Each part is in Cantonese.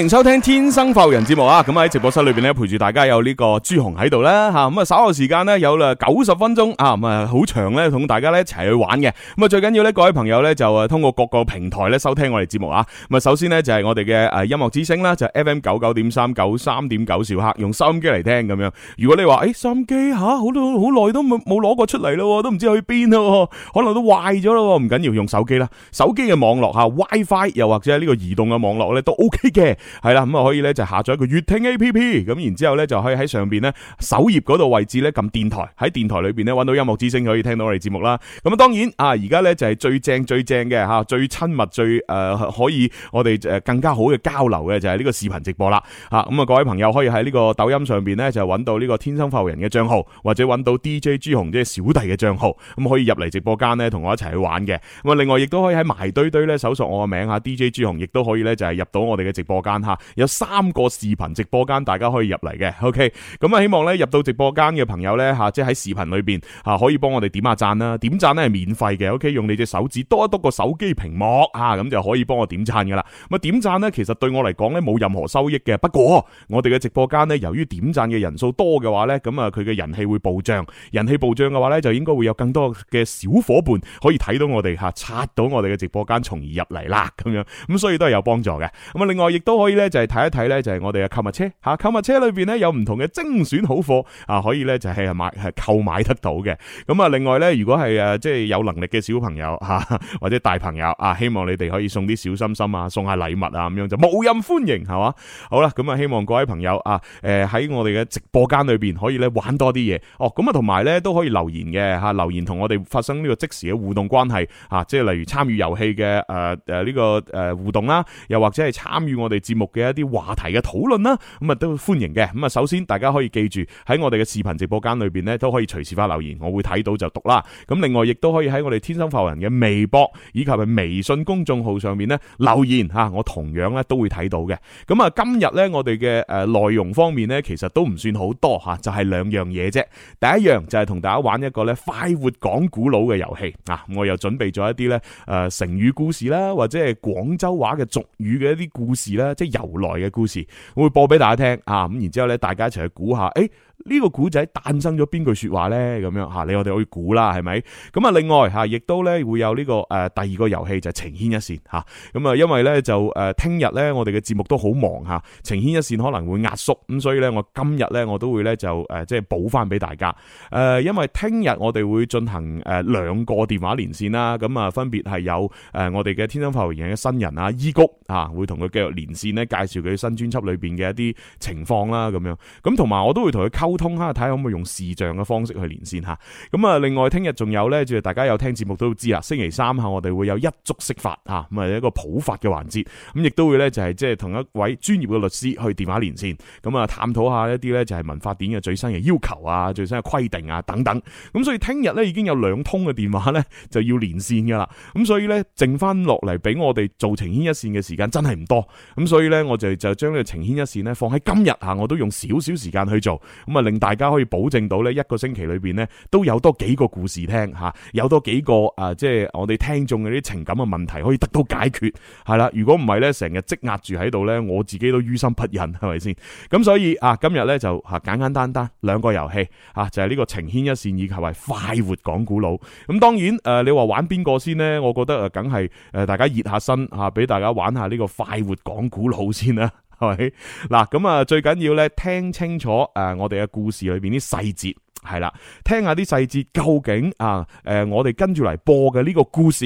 歡迎收聽《天生浮人》節目啊！咁喺直播室裏邊咧，陪住大家有呢個朱紅喺度啦吓，咁啊、嗯、稍後時間呢，有啦九十分鐘啊，咁啊好長咧，同大家咧一齊去玩嘅。咁、嗯、啊最緊要呢，各位朋友咧就啊通過各個平台咧收聽我哋節目啊。咁、嗯、啊首先呢，就係、是、我哋嘅誒音樂之聲啦，就係 FM 九九點三九三點九兆克用收音機嚟聽咁樣。如果你話誒、欸、收音機吓好都好耐都冇冇攞過出嚟咯，都唔知去邊咯，可能都壞咗咯。唔緊要，用手機啦，手機嘅網絡吓、啊、WiFi 又或者呢個移動嘅網絡咧都 OK 嘅。係啦，咁啊可以咧就下載一個粵聽 A P P，咁然之後咧就可以喺上邊咧首頁嗰度位置咧撳電台，喺電台裏邊咧揾到音樂之聲可以聽到我哋節目啦。咁啊當然啊而家咧就係最正最正嘅吓，最親密最誒、呃、可以我哋誒更加好嘅交流嘅就係呢個視頻直播啦。吓咁啊各位朋友可以喺呢個抖音上邊咧就揾到呢個天生發人嘅賬號，或者揾到 D J 朱紅即係小弟嘅賬號，咁可以入嚟直播間咧同我一齊去玩嘅。咁啊另外亦都可以喺埋堆堆咧搜索我個名吓 D J 朱紅，亦都可以咧就係入到我哋嘅直播間。吓，有三個視頻直播間，大家可以入嚟嘅。OK，咁啊，希望咧入到直播間嘅朋友咧吓，即係喺視頻裏邊吓，可以幫我哋點下讚啦。點讚咧係免費嘅。OK，用你隻手指篤一篤個手機屏幕吓，咁、啊、就可以幫我點讚噶啦。咁啊，點讚咧其實對我嚟講咧冇任何收益嘅。不過我哋嘅直播間咧，由於點讚嘅人數多嘅話咧，咁啊佢嘅人氣會暴漲。人氣暴漲嘅話咧，就應該會有更多嘅小伙伴可以睇到我哋吓、啊，刷到我哋嘅直播間，從而入嚟啦。咁樣咁，所以都係有幫助嘅。咁啊，另外亦都可以。呢咧就係睇一睇咧，就係我哋嘅購物車吓，購物車裏邊咧有唔同嘅精選好貨啊，可以咧就係買係購買得到嘅。咁啊，另外咧，如果係誒即係有能力嘅小朋友吓，或者大朋友啊，希望你哋可以送啲小心心啊，送下禮物啊，咁樣就無任歡迎係嘛？好啦，咁啊，希望各位朋友啊，誒喺我哋嘅直播間裏邊可以咧玩多啲嘢。哦，咁啊，同埋咧都可以留言嘅吓，留言同我哋發生呢個即時嘅互動關係啊，即係例如參與遊戲嘅誒誒呢個誒互動啦，又或者係參與我哋。節目嘅一啲話題嘅討論啦，咁啊都歡迎嘅。咁啊，首先大家可以記住喺我哋嘅視頻直播間裏邊呢，都可以隨時發留言，我會睇到就讀啦。咁另外亦都可以喺我哋天生富人嘅微博以及嘅微信公眾號上面呢留言吓，我同樣咧都會睇到嘅。咁啊，今日呢我哋嘅誒內容方面呢，其實都唔算好多吓，就係兩樣嘢啫。第一樣就係同大家玩一個咧快活講古佬嘅遊戲啊！我又準備咗一啲呢誒成語故事啦，或者係廣州話嘅俗語嘅一啲故事啦。即由來嘅故事，我會播俾大家聽啊，咁然之後咧，大家一齊去估下，誒。這個故呢個古仔誕生咗邊句說話咧？咁樣吓，你我哋可以估啦，係咪？咁啊，另外吓，亦都咧會有呢、這個誒、呃、第二個遊戲就係情牽一線吓。咁啊，因為咧就誒聽日咧我哋嘅節目都好忙吓，情、啊、牽一線可能會壓縮咁，所以咧我今日咧我都會咧就誒即係補翻俾大家。誒、呃，因為聽日我哋會進行誒兩個電話連線啦，咁啊分別係有誒、啊、我哋嘅天生發源嘅新人啊，伊谷啊，會同佢繼續連線咧，介紹佢新專輯裏邊嘅一啲情況啦，咁樣咁同埋我都會同佢溝。溝通下睇下可唔可以用視像嘅方式去連線吓。咁啊，另外聽日仲有呢，就係大家有聽節目都知啊。星期三下我哋會有一足釋法吓，咁啊一個普法嘅環節。咁亦都會呢，就係即係同一位專業嘅律師去電話連線，咁啊探討下一啲呢，就係民法典嘅最新嘅要求啊、最新嘅規定啊等等。咁所以聽日呢，已經有兩通嘅電話呢，就要連線噶啦。咁所以呢，剩翻落嚟俾我哋做情牽一線嘅時間真係唔多。咁所以呢，我就就將呢個情牽一線呢，放喺今日吓，我都用少少時間去做咁啊。令大家可以保證到咧一個星期裏邊咧都有多幾個故事聽吓，有多幾個即係、呃即係、我哋聽眾嘅啲情感嘅問題可以得到解決係啦。如果唔係咧，成日積壓住喺度咧，我自己都於心不忍，係咪先？咁所以啊，今日咧就吓，簡簡單單兩個遊戲吓，就係、係、呢個情牽一線以及係快活講古佬。咁當然誒、呃，你話玩邊個先呢？我覺得誒，梗係誒，大家熱下身吓，俾、啊、大家玩下呢個快活講古佬先啦。係嗱？咁啊，最緊要咧，聽清楚誒，我哋嘅故事裏邊啲細節係啦，聽下啲細節究竟啊？誒，我哋跟住嚟播嘅呢個故事，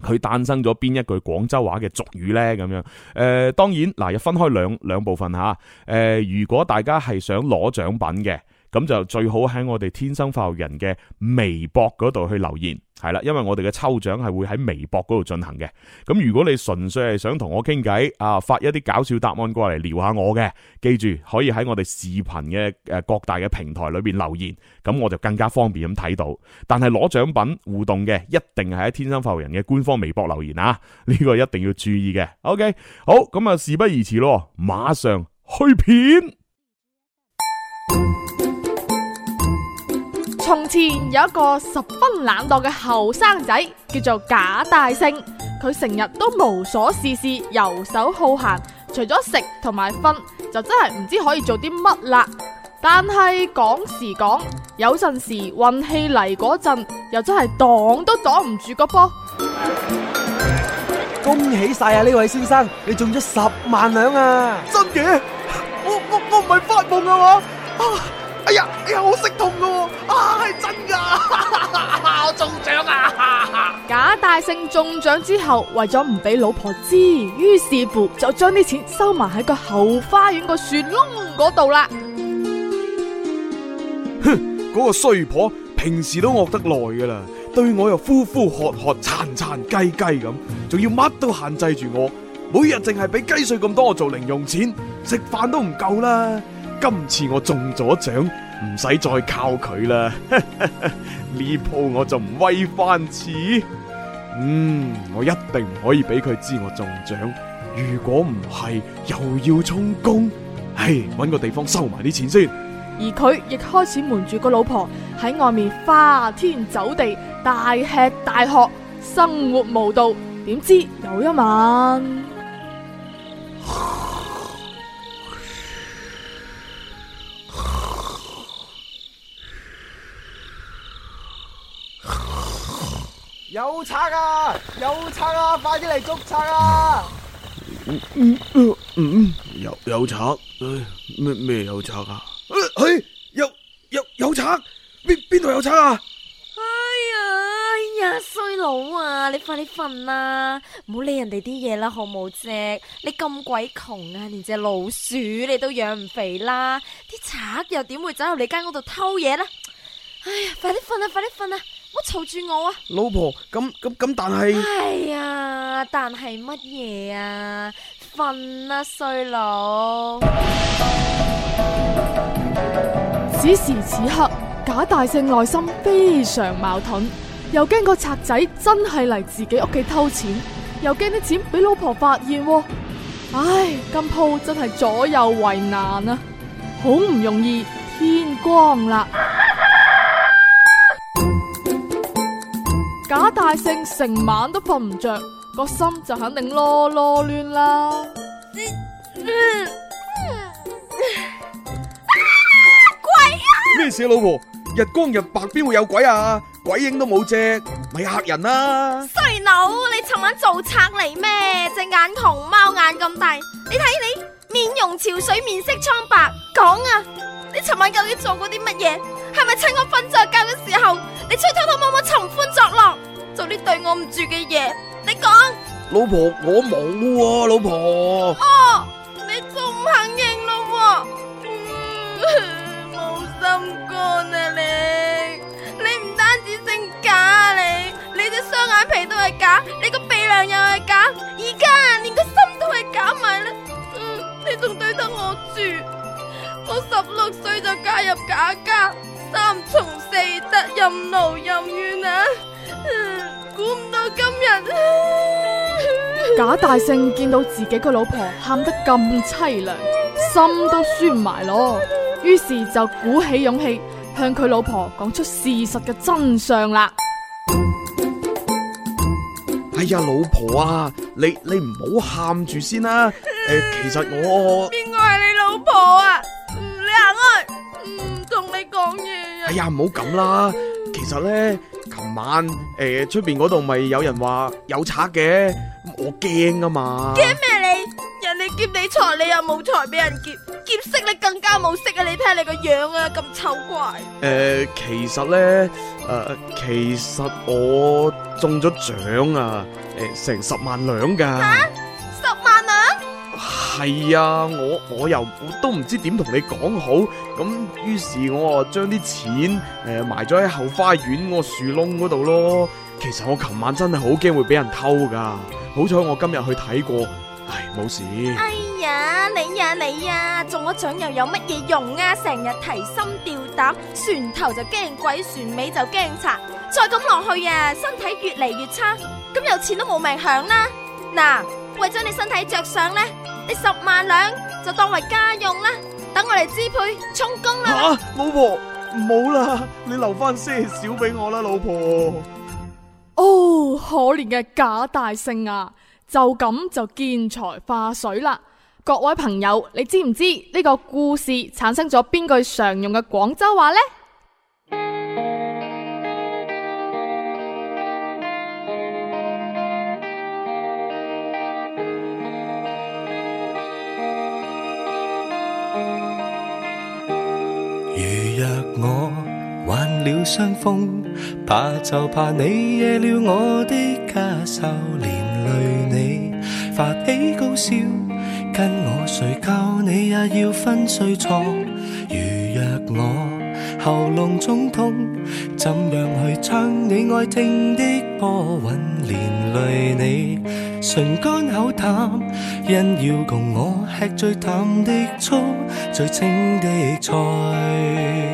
佢誕生咗邊一句廣州話嘅俗語咧？咁樣誒，當然嗱，又、呃、分開兩兩部分吓。誒、呃，如果大家係想攞獎品嘅。咁就最好喺我哋天生發育人嘅微博嗰度去留言，係啦，因為我哋嘅抽獎係會喺微博嗰度進行嘅。咁如果你純粹係想同我傾偈啊，發一啲搞笑答案過嚟撩下我嘅，記住可以喺我哋視頻嘅誒各大嘅平台裏邊留言，咁我就更加方便咁睇到。但係攞獎品互動嘅，一定係喺天生發育人嘅官方微博留言啊，呢、這個一定要注意嘅。OK，好，咁啊事不宜遲咯，馬上去片。音樂、音樂從前有一個十分懶惰嘅後生仔，叫做賈大勝。佢成日都無所事事，游手好閒，除咗食同埋瞓，就真係唔知可以做啲乜啦。但係講時講，有陣時運氣嚟嗰陣，又真係擋都擋唔住個波。恭喜晒啊！呢位先生，你中咗十萬兩啊！真嘅，我我我唔係發夢啊嘛。你好、哎哎、識痛咯、啊！啊，真噶、啊，我中獎啊！哈哈假大勝中獎之後，為咗唔俾老婆知，於是乎就將啲錢收埋喺個後花園、個樹窿嗰度啦。哼，嗰個衰婆平時都惡得耐噶啦，對我又呼呼喝喝、殘殘雞雞咁，仲要乜都限制住我，每日淨係俾雞碎咁多我做零用錢，食飯都唔夠啦。今次我中咗獎。唔使再靠佢啦，呢 鋪我就唔威翻次。嗯，我一定唔可以俾佢知我中獎。如果唔係，又要充公。唉，搵個地方收埋啲錢先。而佢亦開始瞞住個老婆喺外面花天酒地，大吃大喝，生活無度。點知有一晚。 有賊啊！有賊啊！快啲嚟捉賊啊！嗯嗯嗯嗯有有賊？咩咩有賊啊？哎，有有有賊？邊邊度有賊啊？哎呀，哎呀衰佬啊！你快啲瞓啦，唔好理人哋啲嘢啦，好冇啫！你咁鬼窮啊，連隻老鼠你都養唔肥啦，啲賊又點會走入你間屋度偷嘢呢？哎呀，快啲瞓啊！快啲瞓啊！嘈住我啊！老婆，咁咁咁，但係，哎呀，但係乜嘢啊？瞓啦，衰佬！此時此刻，假大聖內心非常矛盾，又驚個賊仔真係嚟自己屋企偷錢，又驚啲錢俾老婆發現啊。唉，今鋪真係左右為難啊！好唔容易天光啦。成晚都瞓唔着，個心就肯定囉囉攣啦。咩、呃呃呃啊啊、事老婆？日光日白邊會有鬼啊？鬼影都冇隻，咪嚇人啦，啊！細佬，你尋晚做賊嚟咩？隻眼同熊貓眼咁大，你睇你面容憔悴，面色蒼白。講啊，你尋晚究竟做過啲乜嘢？係咪趁我瞓着覺嘅時候，你再偷偷摸摸尋歡作樂？做啲對我唔住嘅嘢！你講。老婆我冇啊，老婆。哦，你仲唔肯認咯？冇、嗯、心肝啊你！你唔單止姓假啊你，你隻雙眼皮都係假，你個鼻梁又係假，而家連個心都係假埋啦。嗯，你仲對得我住？我十六歲就嫁入假家，三從四德，任勞任怨啊！估唔到今日。賈大勝見到自己個老婆喊得咁淒涼，心都酸埋咯。於是就鼓起勇氣向佢老婆講出事實嘅真相啦。哎呀，老婆啊，你你唔好喊住先啦、啊。誒、呃，其實我邊個係你老婆啊？你行開，唔同你講嘢、啊。哎呀，唔好咁啦，其實咧。晚誒，出邊度咪有人話有賊嘅，我驚啊嘛！驚咩你？人哋劫你財，你又冇財俾人劫；劫色你更加冇色啊！你睇下你個樣啊，咁醜怪！誒、呃，其實咧，誒、呃，其實我中咗獎啊，誒、呃，成十萬兩噶。吓、啊，十萬啊。係啊，我我又我都唔知點同你講好，咁於是我啊將啲錢誒、呃、埋咗喺後花園個樹窿嗰度咯。其實我琴晚真係好驚會俾人偷噶，好彩我今日去睇過，唉，冇事。哎呀，你呀你呀，中咗獎又有乜嘢用啊？成日提心吊膽，船頭就驚鬼，船尾就驚賊，再咁落去啊，身體越嚟越差，咁有錢都冇命享啦。嗱。為咗你身體着想呢，你十萬兩就當為家用啦，等我嚟支配充公啦。吓，老婆唔好啦，你留翻些少俾我啦，老婆。老婆哦，可憐嘅假大勝啊，就咁就見財化水啦！各位朋友，你知唔知呢個故事產生咗邊句常用嘅廣州話呢？若我患了傷風，怕就怕你惹了我的咳嗽。連累你發起高燒，跟我睡覺你也要分睡床。如若我喉嚨中痛，怎樣去唱你愛聽的歌韻？連累你唇乾口淡，因要共我吃最淡的醋、最清的菜。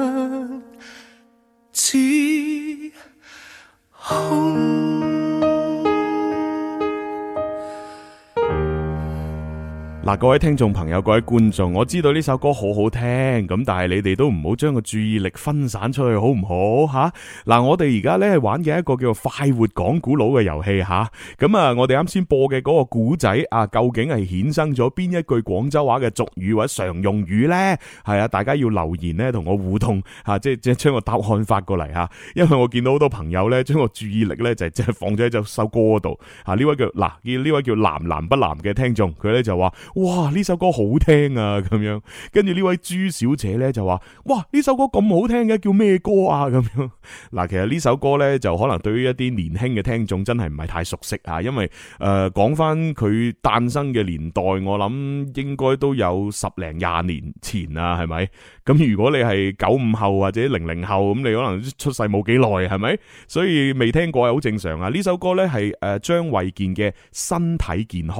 各位聽眾朋友、各位觀眾，我知道呢首歌好好聽，咁但係你哋都唔好將個注意力分散出去，好唔好吓？嗱、啊啊，我哋而家呢係玩嘅一個叫快活講古佬嘅遊戲吓，咁啊，啊，我哋啱先播嘅嗰個古仔啊，究竟係衍生咗邊一句廣州話嘅俗語或者常用語呢？係啊，大家要留言呢，同我互動吓、啊，即係即係將個答案發過嚟吓、啊，因為我見到好多朋友呢，將個注意力呢，就即、是、係放咗喺首歌度吓。呢、啊位，啊、位叫嗱，呢位叫藍藍不藍嘅聽眾，佢呢就話。哇！呢首歌好聽啊，咁樣，跟住呢位朱小姐呢就話：哇！呢首歌咁好聽嘅，叫咩歌啊？咁樣，嗱，其實呢首歌呢就可能對於一啲年輕嘅聽眾真係唔係太熟悉啊，因為誒講翻佢誕生嘅年代，我諗應該都有十零廿年前啊，係咪？咁如果你係九五後或者零零後，咁你可能出世冇幾耐，係咪？所以未聽過係好正常啊。呢首歌呢係誒張衛健嘅《身體健康》。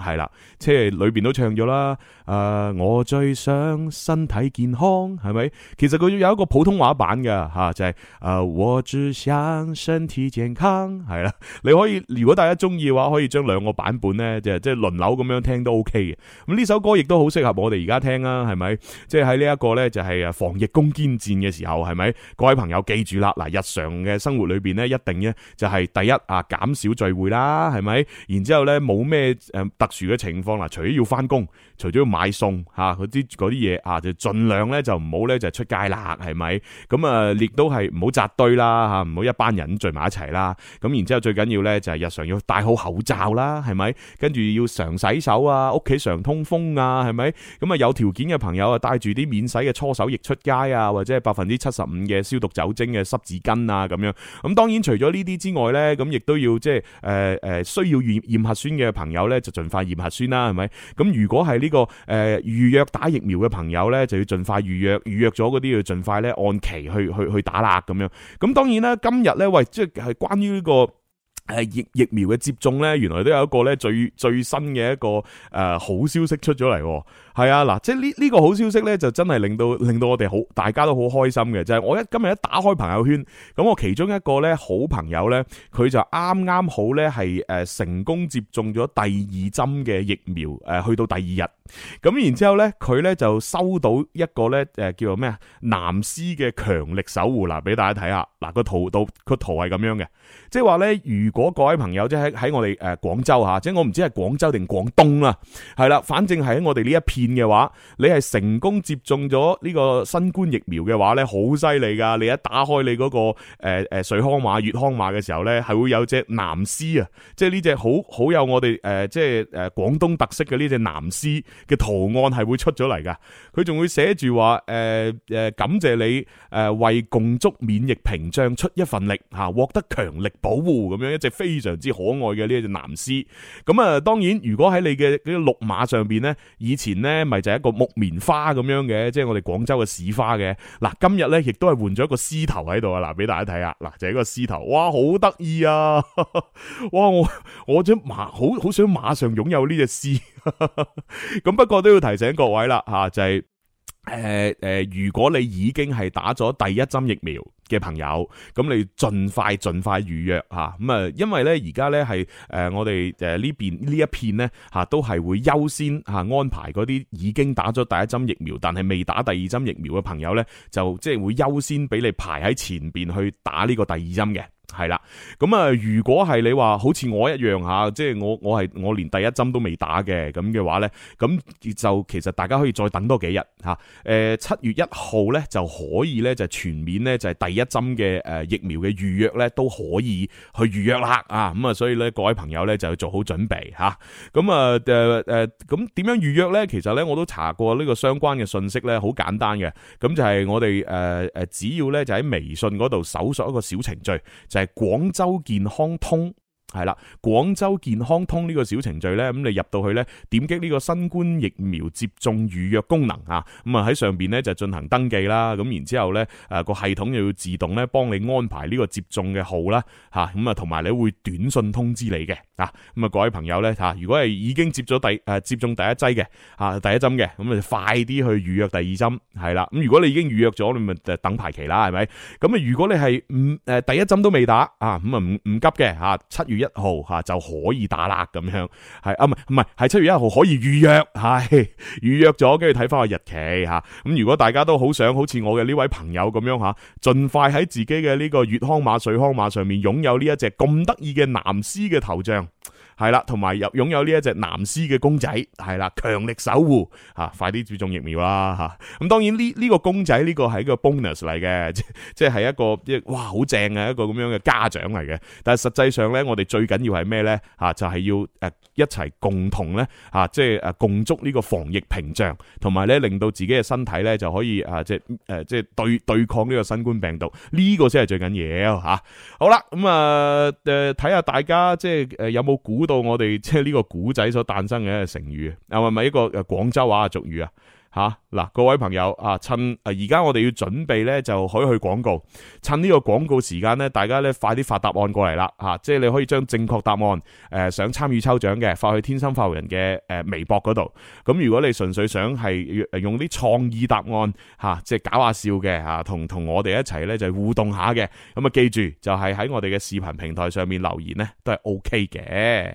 係啦，即係裏邊都唱咗啦。誒、呃，我最想身體健康，係咪？其實佢要有一個普通話版嘅吓、啊，就係、是、誒、呃，我只想身體健康。係啦，你可以如果大家中意嘅話，可以將兩個版本咧，就即係輪流咁樣聽都 OK 嘅。咁呢首歌亦都好適合我哋而家聽啦，係咪？即係喺呢一個咧，就係、是、誒防疫攻堅戰嘅時候，係咪？各位朋友記住啦，嗱，日常嘅生活裏邊咧，一定咧就係第一啊，減少聚會啦，係咪？然之後咧，冇咩誒特。呃樹嘅情況啦，除咗要翻工，除咗要買餸吓，啲啲嘢，吓，就盡量咧就唔好咧就出街啦，係咪？咁啊，亦都係唔好紮堆啦，吓，唔好一班人聚埋一齊啦。咁然之後最緊要咧就係日常要戴好口罩啦，係咪？跟住要常洗手啊，屋企常通風啊，係咪？咁啊，有條件嘅朋友啊，帶住啲免洗嘅搓手液出街啊，或者係百分之七十五嘅消毒酒精嘅濕紙巾啊，咁樣。咁當然除咗呢啲之外咧，咁亦都要即係誒誒，需要驗驗核酸嘅朋友咧，就盡快。驗核酸啦，係咪？咁如果係呢、呢個誒預、呃、約打疫苗嘅朋友咧，就要盡快預約，預約咗嗰啲要盡快咧按期去去去打啦咁樣。咁當然啦，今日咧喂，即係關於呢個誒疫疫苗嘅接種咧，原來都有一個咧最最新嘅一個誒、呃、好消息出咗嚟。係啊，嗱，即係呢呢個好消息咧，就真係令到令到我哋好，大家都好開心嘅，就係、是、我一今日一打開朋友圈，咁我其中一個咧好朋友咧，佢就啱啱好咧係誒成功接種咗第二針嘅疫苗，誒去到第二日，咁然之後咧佢咧就收到一個咧誒叫做咩啊男師嘅強力守護啦，俾大家睇下，嗱個圖圖個圖係咁樣嘅，即係話咧，如果各位朋友即係喺我哋誒、呃、廣州吓，即係我唔知係廣州定廣東啦，係啦，反正係喺我哋呢一片。嘅話，你係成功接種咗呢個新冠疫苗嘅話咧，好犀利噶！你一打開你嗰、那個誒誒穗康碼、粵康碼嘅時候咧，係會有隻南獅啊，即係呢隻好好有我哋誒、呃、即係誒廣東特色嘅呢隻南獅嘅圖案係會出咗嚟噶。佢仲會寫住話誒誒感謝你誒、呃、為共築免疫屏障出一份力吓，獲、啊、得強力保護咁樣一隻非常之可愛嘅呢隻南獅。咁啊，當然如果喺你嘅嗰個綠碼上邊咧，以前咧。咧咪就係一個木棉花咁樣嘅，即係我哋廣州嘅市花嘅。嗱，今日咧亦都係換咗一個獅頭喺度啊！嗱，俾大家睇下，嗱就係一個獅頭，哇，好得意啊！哇，我我想馬好好想馬上擁有呢隻獅。咁 不過都要提醒各位啦，吓就係，誒誒，如果你已經係打咗第一針疫苗。嘅朋友，咁你盡快盡快預約嚇咁啊，因為咧而家咧係誒我哋誒呢邊呢一片咧嚇都係會優先嚇安排嗰啲已經打咗第一針疫苗，但係未打第二針疫苗嘅朋友咧，就即係會優先俾你排喺前面去打呢個第二針嘅。係啦，咁啊，如果係你話好似我一樣吓，即係我我係我連第一針都未打嘅咁嘅話咧，咁就其實大家可以再等多幾日吓，誒七月一號咧就可以咧就全面咧就係第一針嘅誒疫苗嘅預約咧都可以去預約啦啊，咁啊，所以咧各位朋友咧就要做好準備吓，咁啊誒誒，咁點樣預約咧？其實咧我都查過呢個相關嘅信息咧，好簡單嘅，咁就係我哋誒誒只要咧就喺微信嗰度搜索一個小程序就。係廣州健康通。係啦，廣州健康通呢個小程序咧，咁你入到去咧，點擊呢個新冠疫苗接種預約功能啊，咁啊喺上邊咧就進行登記啦，咁然之後咧，誒個系統又要自動咧幫你安排呢個接種嘅號啦，吓咁啊同埋你會短信通知你嘅，啊咁啊各位朋友咧吓，如果係已經接咗第誒、啊、接種第一劑嘅吓第一針嘅，咁你快啲去預約第二針，係啦，咁如果你已經預約咗，你咪等排期啦，係咪？咁啊如果你係唔誒第一針都未打啊，咁啊唔唔急嘅吓，七月，一號吓就可以打啦，咁樣，係啊，唔係唔係，係七月一號可以預約，係預約咗跟住睇翻個日期吓。咁如果大家都想好想好似我嘅呢位朋友咁樣吓，盡快喺自己嘅呢個粵康碼、穗康碼上面擁有呢一隻咁得意嘅男獅嘅頭像。係啦，同埋又擁有呢一隻男獅嘅公仔，係啦，強力守護、啊、快啲注種疫苗啦咁、啊、當然呢呢、這個公仔呢個係一個 bonus 嚟嘅，即即係一個即係哇好正嘅一個咁樣嘅家長嚟嘅。但係實際上咧，我哋最緊要係咩咧就係、是、要一齊共同咧即係共築呢個防疫屏障，同埋咧令到自己嘅身體咧就可以即誒即係對對抗呢個新冠病毒，呢、這個先係最緊要嚇、啊。好啦，咁啊睇下大家即係、呃、有冇估。到我哋即係呢個古仔所誕生嘅一個成語啊，係咪一個誒廣州話嘅俗語啊？吓嗱，啊，各位朋友啊，趁誒而家我哋要準備咧，就可以去廣告。趁呢個廣告時間咧，大家咧快啲發答案過嚟啦，吓，啊，即係你可以將正確答案誒、呃、想參與抽獎嘅發去天心發號人嘅誒、呃、微博嗰度。咁如果你純粹想係用啲創意答案吓，啊，即係搞下笑嘅吓，同、啊、同我哋一齊咧就互動下嘅。咁啊記住，就係喺我哋嘅視頻平台上面留言咧，都係 O K 嘅。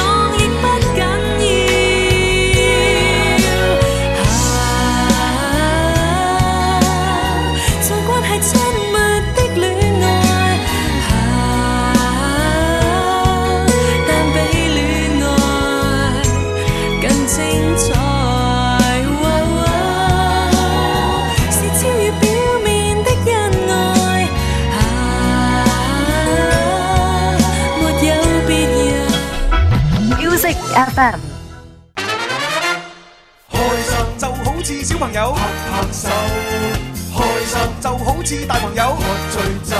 朋友拍拍手，開心就好似大朋友。喝醉酒，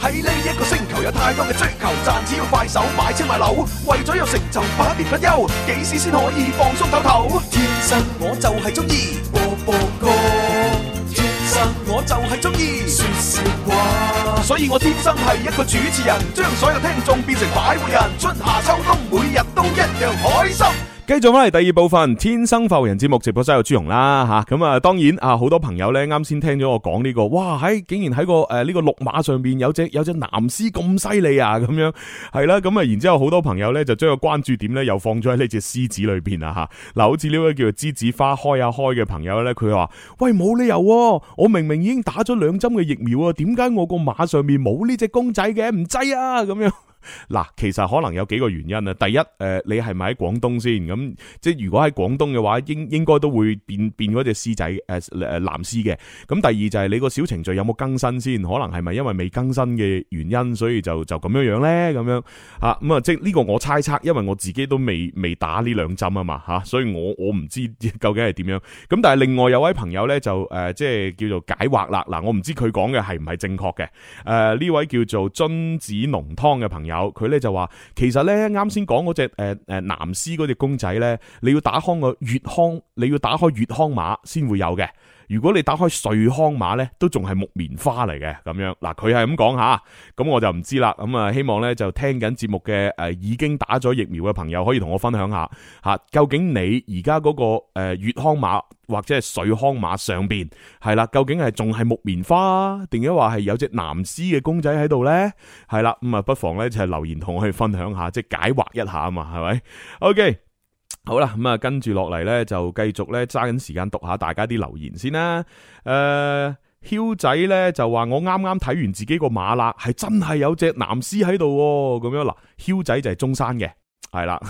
喺呢一個星球有太多嘅追求，賺錢要快手，買車買樓，為咗有成就百，百年不休。幾時先可以放鬆透透？天生我就係中意播播歌，波波天生我就係中意說笑話。所以我天生係一個主持人，將所有聽眾變成擺渡人，春夏秋冬，每日都一樣開心。繼續翻嚟第二部分《天生浮人之》節目直播室有朱紅啦，吓咁啊，當然啊，好多朋友呢啱先聽咗我講呢、這個，哇，喺、欸、竟然喺個誒呢、呃這個綠碼上面有隻有隻男獅咁犀利啊，咁樣係啦，咁、嗯、啊，然之後好多朋友呢就將個關注點呢又放咗喺呢隻獅子裏邊啊，吓嗱，好似呢位叫做栀子花開啊開嘅朋友呢，佢話喂冇理由、啊，我明明已經打咗兩針嘅疫苗啊，點解我個碼上面冇呢隻公仔嘅唔制啊，咁樣。嗱，其實可能有幾個原因啊。第一，誒，你係咪喺廣東先？咁即係如果喺廣東嘅話，應應該都會變變嗰隻獅仔，誒誒，藍獅嘅。咁第二就係、是、你個小程序有冇更新先？可能係咪因為未更新嘅原因，所以就就咁樣呢樣咧？咁樣吓咁啊？即係呢個我猜測，因為我自己都未未打呢兩針啊嘛，吓，所以我我唔知究竟係點樣。咁但係另外有位朋友咧，就、呃、誒即係叫做解惑啦。嗱、啊，我唔知佢講嘅係唔係正確嘅。誒、呃，呢位叫做君子濃湯嘅朋友。有佢咧就話，其實咧啱先講嗰隻誒誒南嗰隻公仔咧，你要打開個粵康，你要打開粵康碼先會有嘅。如果你打開穗康碼咧，都仲係木棉花嚟嘅咁樣。嗱，佢係咁講吓，咁我就唔知啦。咁啊，希望咧就聽緊節目嘅誒、呃，已經打咗疫苗嘅朋友可以同我分享下吓，究竟你而家嗰個誒、呃、粵康碼或者係穗康碼上邊係啦，究竟係仲係木棉花，定係話係有隻男士嘅公仔喺度咧？係啦，咁啊，不妨咧就是、留言同我去分享下，即、就、係、是、解惑一下啊嘛，係咪？OK。好啦，咁啊，跟住落嚟咧，就繼續咧，揸緊時間讀下大家啲留言先啦。呃，轎仔咧就話我啱啱睇完自己個馬啦，係真係有隻南獅喺度喎。咁樣，嗱，轎仔就係中山嘅，係啦，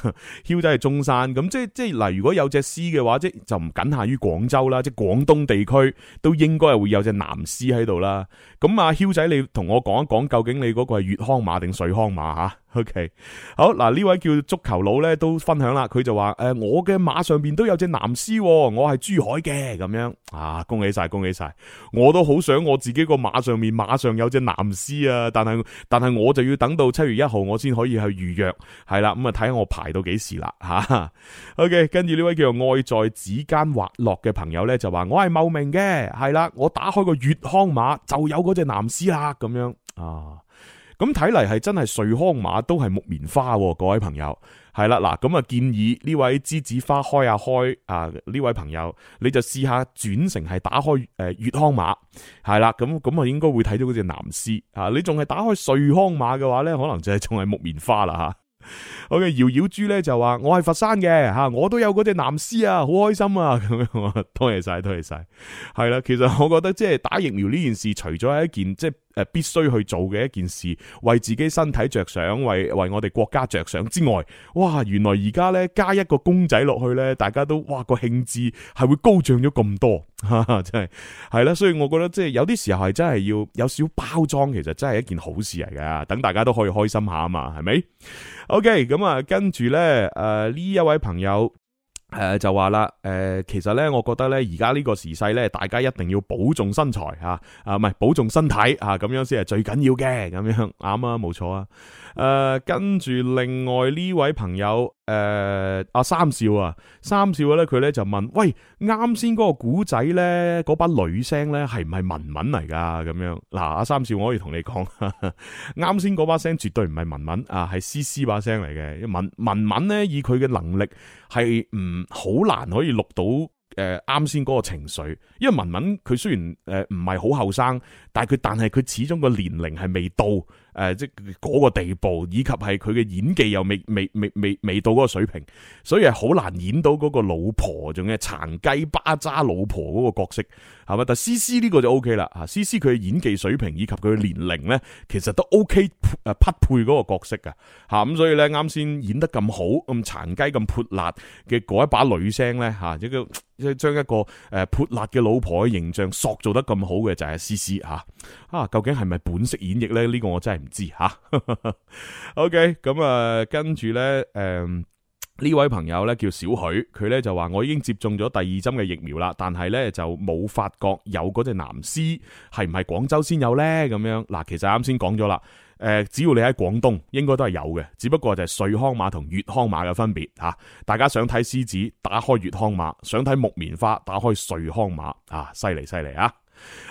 轎仔係中山。咁即即，嗱，如果有隻獅嘅話，即就唔僅限於廣州啦，即廣東地區都應該係會有隻南獅喺度啦。咁啊，轎仔你同我講一講，究竟你嗰個係粵康碼定穗康碼嚇？O.K. 好嗱，呢位叫足球佬呢都分享啦，佢就話誒、呃，我嘅馬上面都有隻男獅、哦，我係珠海嘅咁樣啊，恭喜晒，恭喜晒！我都好想我自己個馬上面馬上有隻男獅啊，但係但係我就要等到七月一號我先可以去預約，係啦，咁啊睇下我排到幾時啦吓。O.K. 跟住呢位叫愛在指尖滑落嘅朋友呢，就話我係茂名嘅，係啦，我打開個粵康碼就有嗰隻男獅啦，咁樣啊。咁睇嚟係真係穗康碼都係木棉花，啊，各位朋友係啦嗱，咁啊建議呢位梔子花開啊開啊呢位朋友，你就試下轉成係打開誒粵、呃、康碼，係啦，咁咁啊應該會睇到嗰隻藍絲吓，你仲係打開穗康碼嘅話咧，可能就係仲係木棉花啦吓。好、啊、嘅，瑤瑤豬咧就話我係佛山嘅吓，我都有嗰隻藍絲啊，好開心啊，咁 樣，多謝晒，多謝晒，係啦，其實我覺得即係打疫苗呢件事，除咗係一件即係。就是必須去做嘅一件事，為自己身體着想，為為我哋國家着想之外，哇！原來而家呢，加一個公仔落去呢，大家都哇個興致係會高漲咗咁多，哈哈真係，係啦。所以我覺得即係有啲時候係真係要有少包裝，其實真係一件好事嚟㗎。等大家都可以開心下啊嘛，係咪？OK，咁啊，跟住呢，誒、呃、呢一位朋友。誒、呃，就話啦，誒、呃，其實呢，我覺得呢，而家呢個時勢呢，大家一定要保重身材吓，啊，唔係保重身體吓，咁樣先係最緊要嘅，咁樣啱啊，冇錯啊，誒、啊呃，跟住另外呢位朋友。誒，阿三少啊，三少咧佢咧就問：喂，啱先嗰個古仔咧，嗰把女聲咧係唔係文文嚟噶？咁樣嗱，阿三少我可以同你講，啱先嗰把聲絕對唔係文文啊，係詩詩把聲嚟嘅。文文文咧以佢嘅能力係唔好難可以錄到誒，啱先嗰個情緒，因為文文佢雖然誒唔係好後生，但係佢但係佢始終個年齡係未到。誒，即嗰個地步，以及係佢嘅演技又未未未未未到嗰個水平，所以係好難演到嗰個老婆，仲嘅殘雞巴渣老婆嗰個角色。係嘛？但詩詩呢個就 O K 啦，吓詩詩佢嘅演技水平以及佢嘅年齡咧，其實都 O K 誒匹配嗰個角色噶吓咁，所以咧啱先演得咁好咁殘雞咁潑辣嘅嗰一把女聲咧吓，即叫即係將一個誒潑辣嘅老婆嘅形象塑造得咁好嘅就係詩詩吓啊，究竟係咪本色演繹咧？呢、這個我真係唔知吓。O K，咁啊， okay, 嗯、跟住咧誒。嗯呢位朋友咧叫小許，佢咧就話我已經接種咗第二針嘅疫苗啦，但係咧就冇發覺有嗰隻南獅係唔係廣州先有呢？咁樣嗱，其實啱先講咗啦，誒，只要你喺廣東，應該都係有嘅，只不過就係穗康碼同粵康碼嘅分別吓，大家想睇獅子，打開粵康碼；想睇木棉花，打開穗康碼。啊，犀利犀利啊！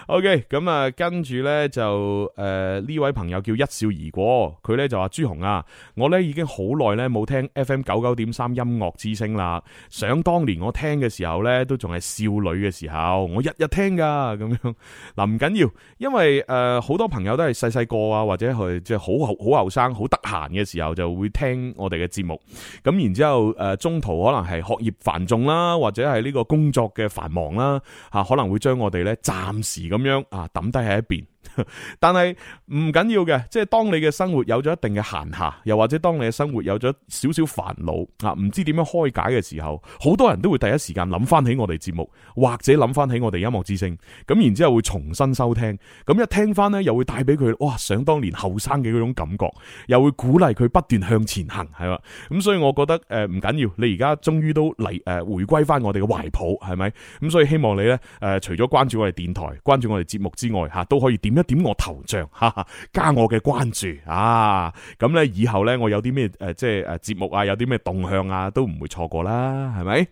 O K，咁啊，跟住咧就誒呢、呃、位朋友叫一笑而過，佢咧就話朱紅啊，我咧已經好耐咧冇聽 F M 九九點三音樂之聲啦。想當年我聽嘅時候咧，都仲係少女嘅時候，我日日聽噶咁樣。嗱、啊，唔緊要，因為誒好、呃、多朋友都係細細個啊，或者係即係好好後生、好得閒嘅時候，就會聽我哋嘅節目。咁然之後誒中途可能係學業繁重啦，或者係呢個工作嘅繁忙啦，吓可能會將我哋咧暫。時咁樣啊，抌低喺一邊。 但係唔緊要嘅，即係當你嘅生活有咗一定嘅閒暇，又或者當你嘅生活有咗少少煩惱啊，唔知點樣開解嘅時候，好多人都會第一時間諗翻起我哋節目，或者諗翻起我哋音樂之聲，咁然後之後會重新收聽，咁一聽翻呢，又會帶俾佢哇想當年後生嘅嗰種感覺，又會鼓勵佢不斷向前行，係嘛，咁所以我覺得誒唔緊要緊，你而家終於都嚟誒、呃、回歸翻我哋嘅懷抱，係咪？咁所以希望你呢，誒、呃、除咗關注我哋電台、關注我哋節目之外，吓、啊、都可以點。一點我頭像，哈哈加我嘅關注啊！咁咧以後咧我有啲咩誒，即係誒節目啊，有啲咩動向啊，都唔會錯過啦，係咪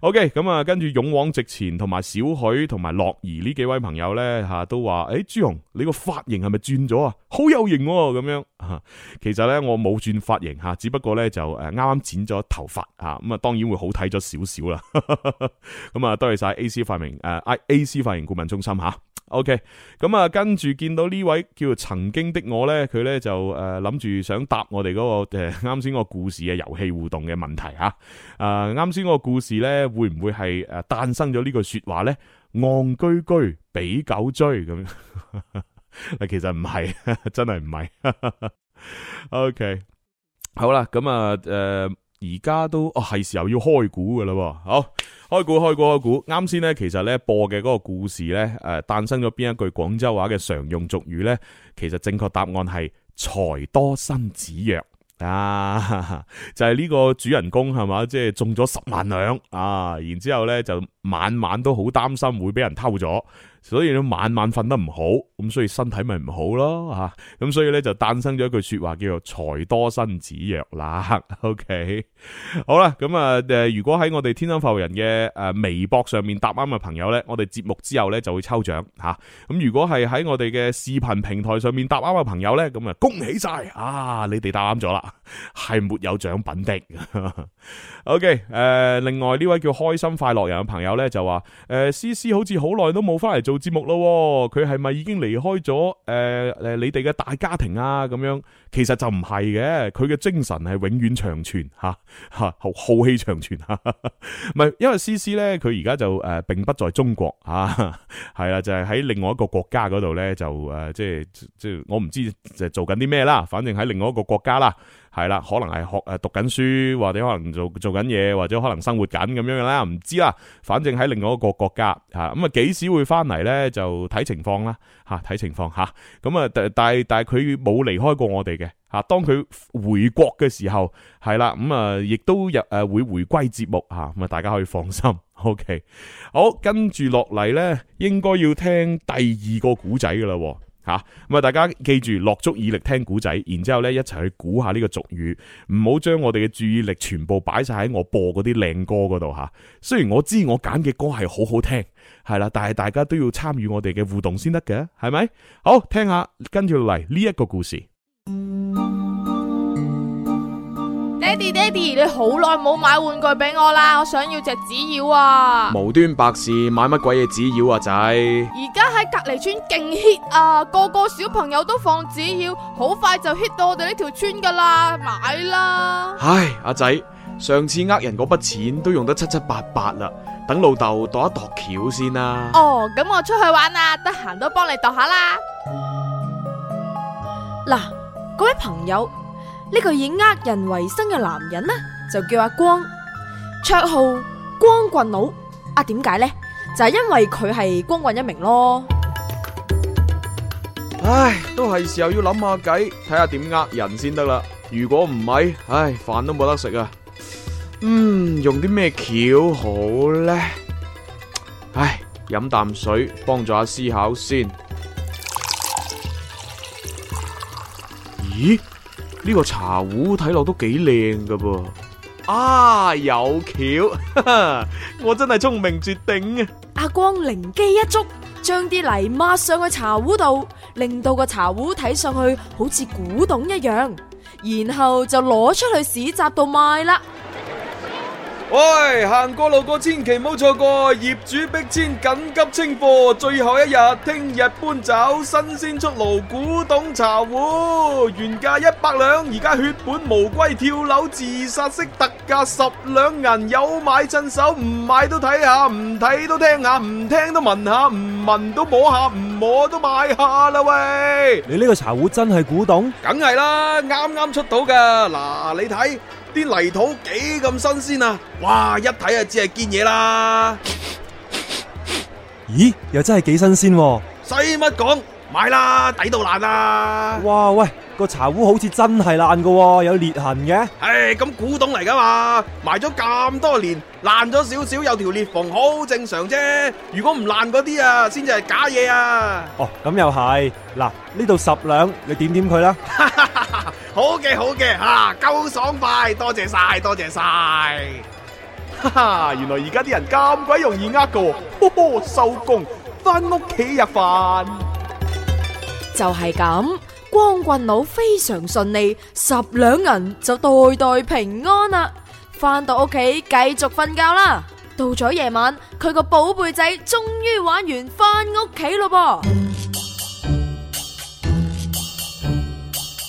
？OK，咁、嗯、啊，跟住，勇往直前同埋小許同埋樂兒呢幾位朋友咧吓，都話誒、欸，朱紅你個髮型係咪轉咗啊？好有型咁、哦、樣。其實咧我冇轉髮型吓，只不過咧就誒啱啱剪咗頭髮吓，咁啊當然會好睇咗少少啦。咁啊、嗯、多謝晒 A C 髮型誒 I、呃、A C 髮型顧問中心吓。啊 O K，咁啊，跟住見到呢位叫做曾經的我咧，佢咧就誒諗住想答我哋嗰個誒啱先個故事嘅遊戲互動嘅問題吓，誒啱先個故事咧會唔會係誒誕生咗呢句說話咧？戇居居俾狗追咁樣， 其實唔係，真係唔係。Okay，好啦，咁啊，誒而家都哦係時候要開估噶啦，好。開估開估開估，啱先咧，其實咧播嘅嗰個故事咧，誒、呃，誕生咗邊一句廣州話嘅常用俗語咧？其實正確答案係財多身子弱啊！就係、是、呢個主人公係嘛，即係、就是、中咗十萬兩啊，然之後咧就晚晚都好擔心會俾人偷咗，所以咧晚晚瞓得唔好，咁所以身體咪唔好咯吓，咁所以咧就誕生咗一句說話叫做財多身子弱啦。OK。好啦，咁啊，誒，如果喺我哋天生浮游人嘅誒微博上面答啱嘅朋友呢，我哋節目之後呢就會抽獎吓。咁如果係喺我哋嘅視頻平台上面答啱嘅朋友呢，咁啊恭喜晒啊，你哋答啱咗啦，係沒有獎品的。 OK，誒、呃，另外呢位叫開心快樂人嘅朋友呢，就、呃、話，誒，思思好似好耐都冇返嚟做節目咯，佢係咪已經離開咗？誒、呃、誒，你哋嘅大家庭啊，咁樣其實就唔係嘅，佢嘅精神係永遠長存吓。啊吓、啊，好好氣長存啊！唔係，因為詩詩咧，佢而家就誒、呃，並不在中國吓，係、啊、啦、啊，就係、是、喺另外一個國家嗰度咧，就、啊、誒，即係即係，我唔知就做緊啲咩啦，反正喺另外一個國家啦，係啦，可能係學誒讀緊書，或者可能做做緊嘢，或者可能生活緊咁樣啦，唔知啦，反正喺另外一個國家吓，咁啊，幾、嗯、時會翻嚟咧？就睇情況啦，吓、啊、睇情況吓，咁啊，但係但係佢冇離開過我哋嘅。啊！當佢回國嘅時候係啦，咁啊，亦都入誒會回歸節目吓，咁啊，大家可以放心。OK，好，跟住落嚟呢，應該要聽第二個古仔噶啦吓，咁啊，大家記住落足耳力聽古仔，然之後呢一齊去估下呢個俗語，唔好將我哋嘅注意力全部擺晒喺我播嗰啲靚歌嗰度吓。雖然我知我揀嘅歌係好好聽係啦，但係大家都要參與我哋嘅互動先得嘅，係咪好聽下？跟住落嚟呢一個故事。爹哋，爹哋，你好耐冇買玩具俾我啦，我想要隻紙鷂啊！無端白事買乜鬼嘢紙鷂啊，仔！而家喺隔籬村勁 hit 啊，個個小朋友都放紙鷂，好快就 hit 到我哋呢條村噶啦，買啦！唉，阿仔，上次呃人嗰筆錢都用得七七八八啦，等老豆度一度橋先啦。哦，咁我出去玩啊，得閒都幫你度下啦。嗱，各位朋友。呢個以呃人為生嘅男人呢，就叫阿光，綽號光棍佬。啊，點解呢？就係因為佢係光棍一名咯。唉，都係時候要諗下計，睇下點呃人先得啦。如果唔係，唉，飯都冇得食啊。嗯，用啲咩橋好呢？唉，飲啖水幫助下思考先。咦？呢個茶壺睇落都幾靚噶噃，啊有橋，哈哈，我真係聰明絕頂啊！阿光靈機一觸，將啲泥抹上去茶壺度，令到個茶壺睇上去好似古董一樣，然後就攞出去市集度賣啦。喂，行過路過千祈唔好錯過，業主逼遷緊急清貨，最後一日，聽日搬走，新鮮出爐古董茶壺，原價一百兩，而家血本無歸，跳樓自殺式特價十兩銀，有買趁手，唔買都睇下，唔睇都聽下，唔聽都聞下，唔聞都摸下，唔摸都買下啦喂！你呢個茶壺真係古董？梗係啦，啱啱出到噶，嗱你睇。啲泥土幾咁新鮮啊！哇，一睇啊，只係堅嘢啦。咦，又真係幾新鮮，啊，使乜講？買啦，抵到爛啦！哇，喂。個茶壺好似真係爛㗎，有裂痕嘅。唉，咁古董嚟噶嘛，埋咗咁多年，爛咗少少有條裂縫，好正常啫。如果唔爛嗰啲啊，先至係假嘢。啊哦，咁又係。嗱，呢度十兩，你點點佢啦。哈哈，好嘅，好嘅，吓夠爽快，多謝晒，多謝晒。哈哈，原來而家啲人咁鬼容易呃㗎，收工，翻屋企入飯，就係咁。光棍佬非常順利，十兩銀就代代平安啦！翻到屋企繼續瞓覺啦。到咗夜晚，佢個寶貝仔終於玩完，翻屋企咯噃。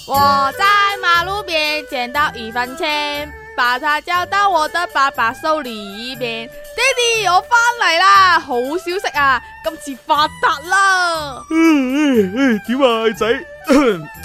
我在馬路邊撿到一分錢。發財就得我得八百蘇里幣，爹哋，我翻嚟啦，好消息啊，今次發達啦！點 啊，阿仔，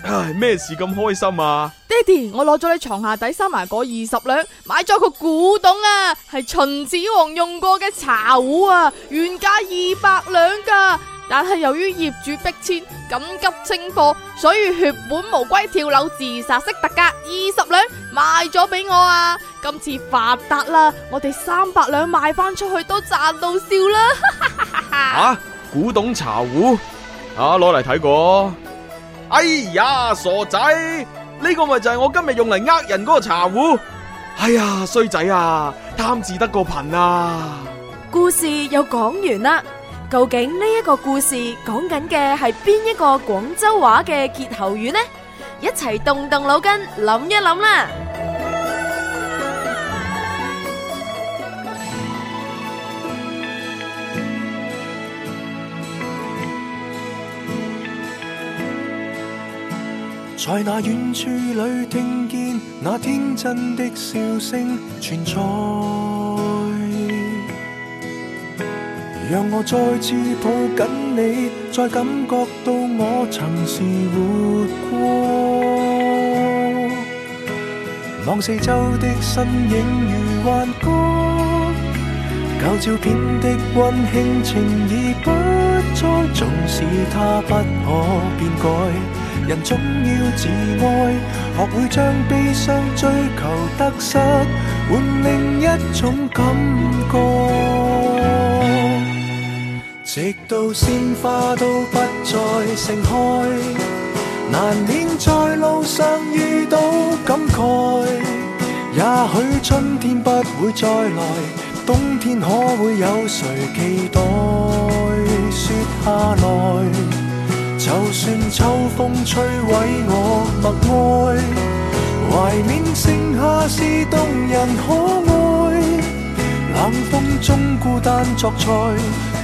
唉咩 事咁開心啊？爹哋，我攞咗你床下底收埋嗰二十兩，買咗個古董啊，係秦始皇用過嘅茶壺啊，原價二百兩噶。但係由於業主逼遷，緊急清貨，所以血本無歸，跳樓自殺式特價二十兩賣咗俾我啊！今次發達啦，我哋三百兩賣翻出去都賺到笑啦！啊，古董茶壺啊，攞嚟睇過？哎呀，傻仔，呢個咪就係我今日用嚟呃人嗰個茶壺？哎呀，衰仔啊，貪字得個貧啊！故事又講完啦。究竟呢一個故事講緊嘅係邊一個廣州話嘅歇後語呢？一齊動動腦筋諗一諗啦！在那遠處裏聽見那天真的笑聲存在。讓我再次抱緊你，再感覺到我曾是活過。望四周的身影如幻覺，舊照片的溫馨情意不再，縱使它不可變改，人總要自愛，學會將悲傷追求得失，換另一種感覺。直到鮮花都不再盛開，難免在路上遇到感慨。也許春天不會再來，冬天可會有誰期待雪下來？就算秋風吹毀我默哀，懷緬盛夏是動人可愛。冷風中孤單作菜。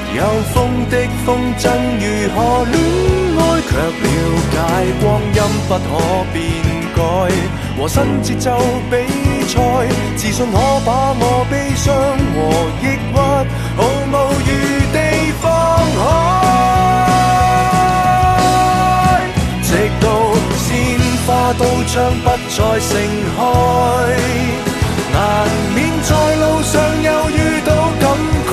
有風的風箏如何戀愛？卻了解光陰不可變改。和新節奏比賽，自信可把我悲傷和抑鬱毫無餘地放開。直到鮮花都將不再盛開，難免在路上又遇到感慨。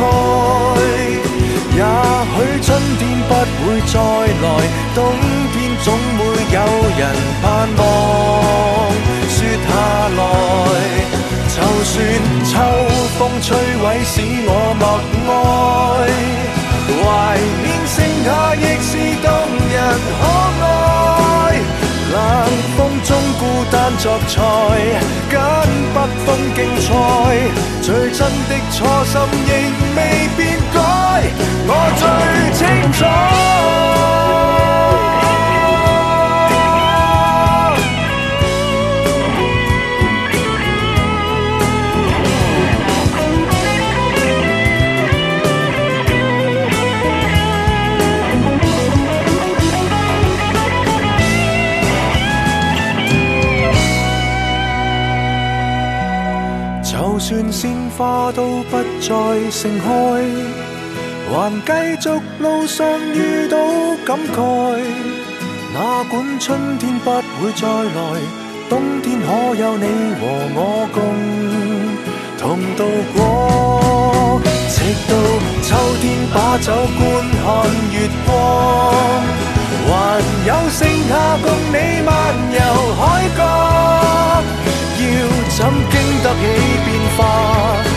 也許春天不會再來，冬天總會有人盼望雪下來。就算秋風吹毀，使我默哀，懷緬盛夏亦是動人可愛。冷風中孤單作祟，跟北風競賽，最真的初心仍未變。我最清楚，就算鮮花都不再盛開。還繼續路上遇到感慨，哪管春天不會再來，冬天可有你和我共同渡過，直到秋天把酒觀看月光，還有盛夏共你漫遊海角，要怎經得起變化？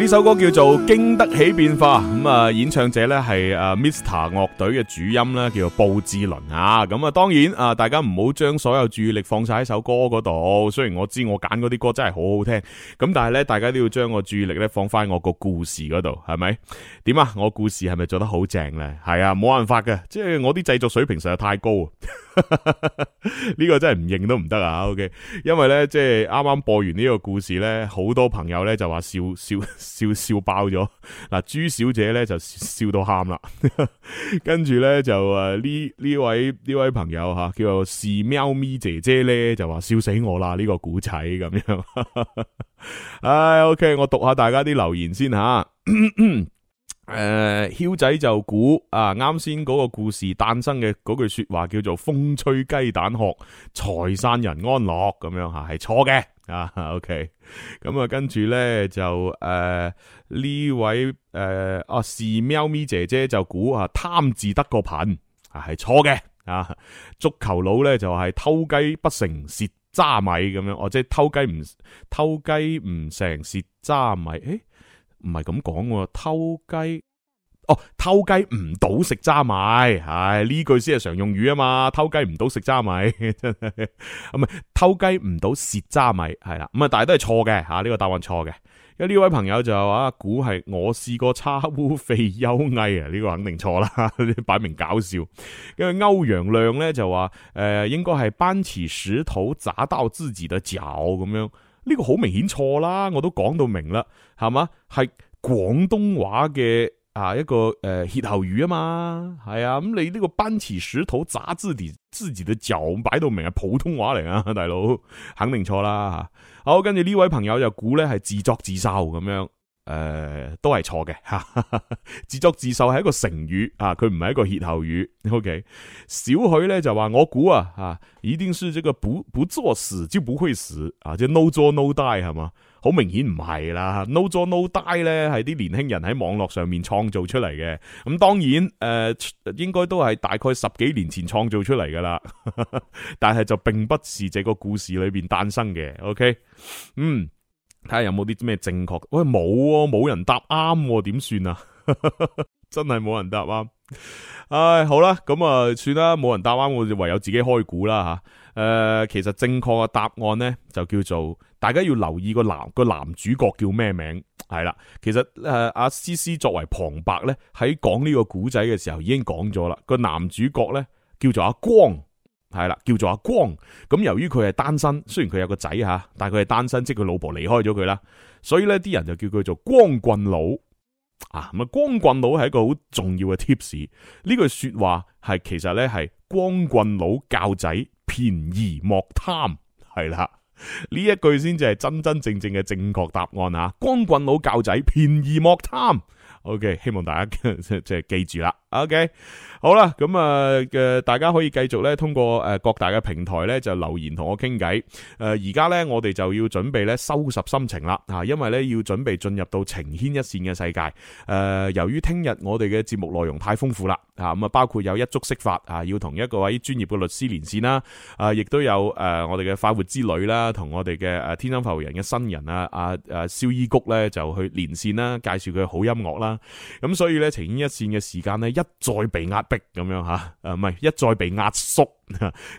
呢首歌叫做《經得起變化》，咁啊，演唱者咧係誒 Mr. 樂隊嘅主音咧，叫做布志倫啊。咁啊，當然啊，大家唔好將所有注意力放晒喺首歌嗰度。雖然我知我揀嗰啲歌真係好好聽，咁但係咧，大家都要將個注意力咧放翻我個故事嗰度，係咪？點啊？我故事係咪做得好正咧？係啊，冇辦法嘅，即係我啲製作水平實在太高。呢 個真係唔認都唔得啊！OK，因為咧即係啱啱播完呢個故事咧，好多朋友咧就話笑笑笑笑爆咗。嗱，朱小姐咧就笑，笑到喊啦，跟住咧就誒呢呢位呢位朋友吓、啊，叫做是喵咪姐姐咧就話笑死我啦！呢、這個古仔咁樣。唉、 啊，OK，我讀一下大家啲留言先吓、啊。咳咳誒，囂、呃、仔就估啊，啱先嗰個故事誕生嘅嗰句說話叫做“風吹雞蛋殼，財散人安樂”咁樣吓，係錯嘅啊。OK，咁、嗯呃呃、啊，跟住咧就誒呢位誒，啊是喵咪姐姐就估啊，貪字得個貧啊，係錯嘅啊。足球佬咧就係偷雞不成蝕渣米咁樣，或者偷雞唔偷雞唔成蝕渣米，誒。咦唔係咁講喎，偷雞哦，偷雞唔到食渣米，係、哎、呢句先係常用語啊嘛，偷雞唔到食渣米，真係唔係偷雞唔到蝕渣米，係啦，咁啊，但係都係錯嘅吓，呢個答案錯嘅。因為呢位朋友就話，估係我試過叉烏肥優藝啊，呢、這個肯定錯啦，擺明搞笑。因為歐陽亮咧就話，誒、呃，應該係班池石頭砸到自己的腳咁樣。呢個好明顯錯啦，我都講到明啦，係嘛，係廣東話嘅啊一個誒歇後語啊嘛，係啊，咁你呢個搬起石頭砸自己自己的腳，擺到明係普通話嚟，啊，大佬肯定錯啦。好，跟住呢位朋友就估咧係自作自受咁樣。誒、呃，都係錯嘅吓，自作自受係一個成語啊，佢唔係一個歇後語。OK，小許咧就話我估啊，啊，一定是這個不不作死就不會死啊，即、就是、no 作 no die，係嘛，好明顯唔係啦，no 作 no die 咧係啲年輕人喺網絡上面創造出嚟嘅。咁當然誒、呃，應該都係大概十幾年前創造出嚟噶啦，但係就並不是這個故事裏邊誕生嘅。OK，嗯。睇下有冇啲咩正確？喂，冇啊，冇人答啱，點算啊？啊 真係冇人答啱。唉，好啦，咁啊，算啦，冇人答啱，我就唯有自己開估啦吓。誒、呃，其實正確嘅答案咧，就叫做大家要留意個男個男主角叫咩名？係啦，其實誒，阿詩詩作為旁白咧，喺講呢個古仔嘅時候已經講咗啦。個男主角咧叫做阿光。係啦，叫做阿光。咁由於佢係單身，雖然佢有個仔吓，但係佢係單身，即係佢老婆離開咗佢啦。所以咧，啲人就叫佢做光棍佬。啊，咁啊，光棍佬係一個好重要嘅 tips。呢句說話係其實咧係光棍佬教仔便宜莫貪。係啦，呢一句先至係真真正正嘅正確答案吓，啊。光棍佬教仔便宜莫貪。OK，希望大家即係記住啦。OK。好啦，咁啊嘅大家可以繼續咧，通過誒各大嘅平台咧就留言同我傾偈。誒而家咧我哋就要準備咧收拾心情啦吓，因為咧要準備進入到情牽一線嘅世界。誒，由於聽日我哋嘅節目內容太豐富啦吓，咁啊包括有一足釋法啊，要同一個位專業嘅律師連線啦。啊，亦都有誒我哋嘅快活之旅啦，同我哋嘅誒天生浮人嘅新人啊，阿誒蕭依谷咧就去連線啦，介紹佢好音樂啦。咁所以咧情牽一線嘅時間呢，一再被壓逼咁樣吓，誒、啊，唔係一再被壓縮。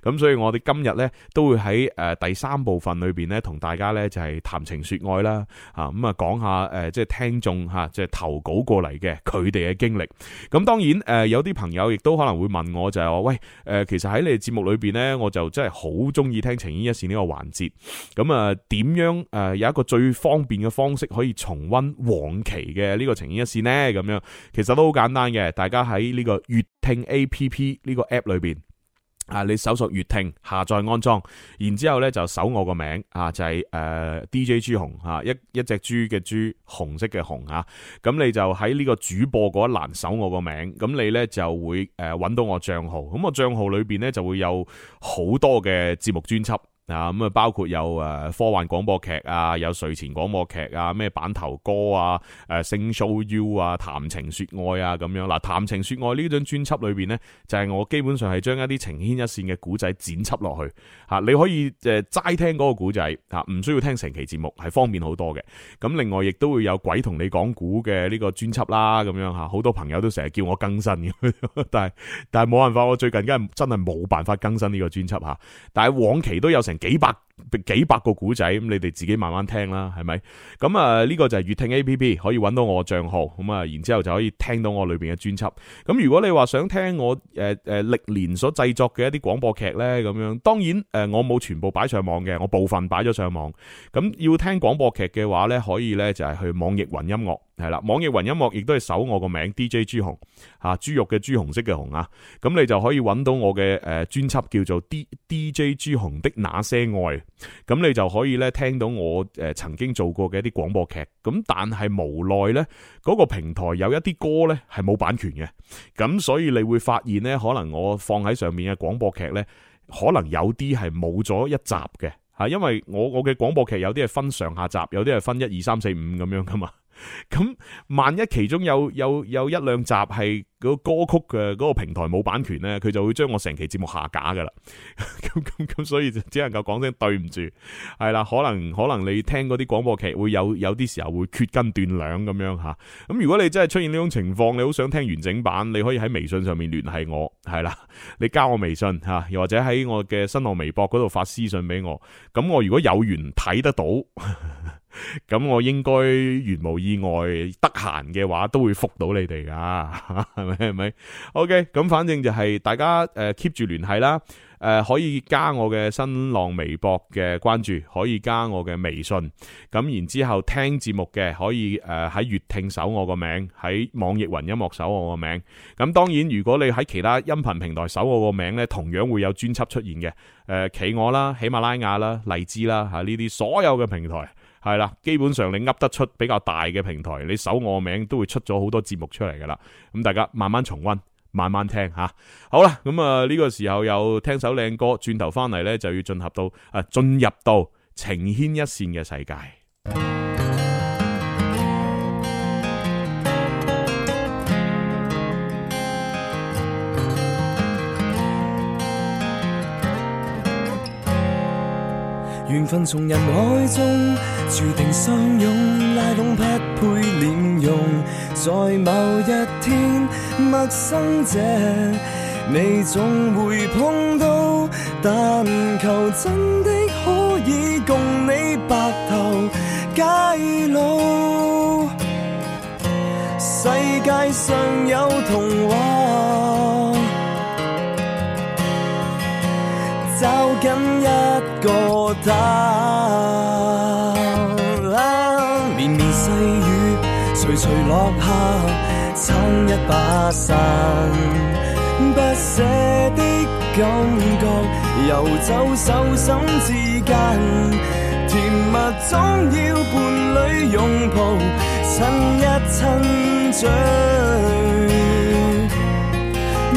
咁 所以，我哋今日咧都會喺誒第三部分裏邊咧，同大家咧就係談情說愛啦。啊，咁啊，講下誒，即係聽眾吓，即係投稿過嚟嘅佢哋嘅經歷。咁當然誒，有啲朋友亦都可能會問我，就係話喂誒，其實喺你哋節目裏邊咧，我就真係好中意聽情牽一線呢個環節。咁啊，點樣誒有一個最方便嘅方式可以重溫往期嘅呢個情牽一線呢？咁樣其實都好簡單嘅，大家喺呢個月聽 A P P 呢個 App 裏邊。啊！你搜索粵聽下載安裝，然之後咧就搜我個名啊，就係、是、誒 DJ 朱紅吓一一隻豬嘅豬，紅色嘅紅啊！咁你就喺呢個主播嗰一欄搜我個名，咁你咧就會誒搵到我賬號，咁我賬號裏邊咧就會有好多嘅節目專輯。啊咁啊，包括有誒科幻廣播劇啊，有睡前廣播劇啊，咩版頭歌啊，誒、啊《Sing Show You》啊，談情說愛啊咁樣。嗱，談情說愛呢張專輯裏邊咧，就係、是、我基本上係將一啲情牽一線嘅古仔剪輯落去吓、啊，你可以誒齋、啊、聽嗰個古仔吓，唔、啊、需要聽成期節目，係方便好多嘅。咁、啊、另外亦都會有鬼同你講古嘅呢個專輯啦，咁樣吓，好、啊、多朋友都成日叫我更新嘅，但係但係冇辦法，我最近梗係真係冇辦法更新呢個專輯吓。但係往期都有成。幾百。幾百個古仔，咁你哋自己慢慢聽啦，係咪？咁啊，呢、這個就係悅聽 A P P 可以揾到我賬號咁啊，然之後就可以聽到我裏邊嘅專輯。咁如果你話想聽我誒誒歷年所製作嘅一啲廣播劇呢，咁樣當然誒、呃，我冇全部擺上網嘅，我部分擺咗上網。咁要聽廣播劇嘅話呢，可以呢就係、是、去網易雲音樂係啦。網易雲音樂亦都係搜我個名 D J 朱紅吓、啊，豬肉嘅豬紅色嘅紅啊。咁你就可以揾到我嘅誒、呃、專輯叫做 D D J 朱紅的那些愛。咁你就可以咧聽到我誒曾經做過嘅一啲廣播劇，咁但係無奈呢，嗰個平台有一啲歌呢係冇版權嘅，咁所以你會發現呢，可能我放喺上面嘅廣播劇呢，可能有啲係冇咗一集嘅吓，因為我我嘅廣播劇有啲係分上下集，有啲係分一二三四五咁樣噶嘛。咁萬一其中有有有一兩集係個歌曲嘅嗰個平台冇版權呢，佢就會將我成期節目下架噶啦。咁咁咁，所以就只能夠講聲對唔住，係啦。可能可能你聽嗰啲廣播劇會有有啲時候會缺斤短兩咁樣吓。咁如果你真係出現呢種情況，你好想聽完整版，你可以喺微信上面聯繫我，係啦，你加我微信吓，又或者喺我嘅新浪微博嗰度發私信俾我。咁我如果有緣睇得到。咁我應該如無意外得閒嘅話都會復到你哋噶，係咪？係咪？OK，咁反正就係大家誒 keep 住聯繫啦。誒，可以加我嘅新浪微博嘅關注，可以加我嘅微信。咁然之後聽節目嘅可以誒喺粵聽搜我個名，喺網易雲音樂搜我個名。咁當然，如果你喺其他音頻平台搜我個名呢，同樣會有專輯出現嘅。誒，企鵝啦、喜馬拉雅啦、荔枝啦，吓呢啲所有嘅平台。係啦，基本上你噏得出比較大嘅平台，你搜我名都會出咗好多節目出嚟噶啦。咁大家慢慢重溫，慢慢聽吓、啊。好啦，咁啊呢個時候又聽首靚歌，轉頭翻嚟呢，就要進合到誒，進入到情牽、啊、一線嘅世界。緣分從人海中注定相擁，拉攏匹配臉容。在某一天，陌生者你總會碰到，但求真的可以共你白頭偕老。世界上有童話。抓緊一個蛋連連細，綿綿細雨隨隨落下，撐一把傘。不捨的感覺遊走手心之間，甜蜜總要伴侶擁抱，親一親嘴，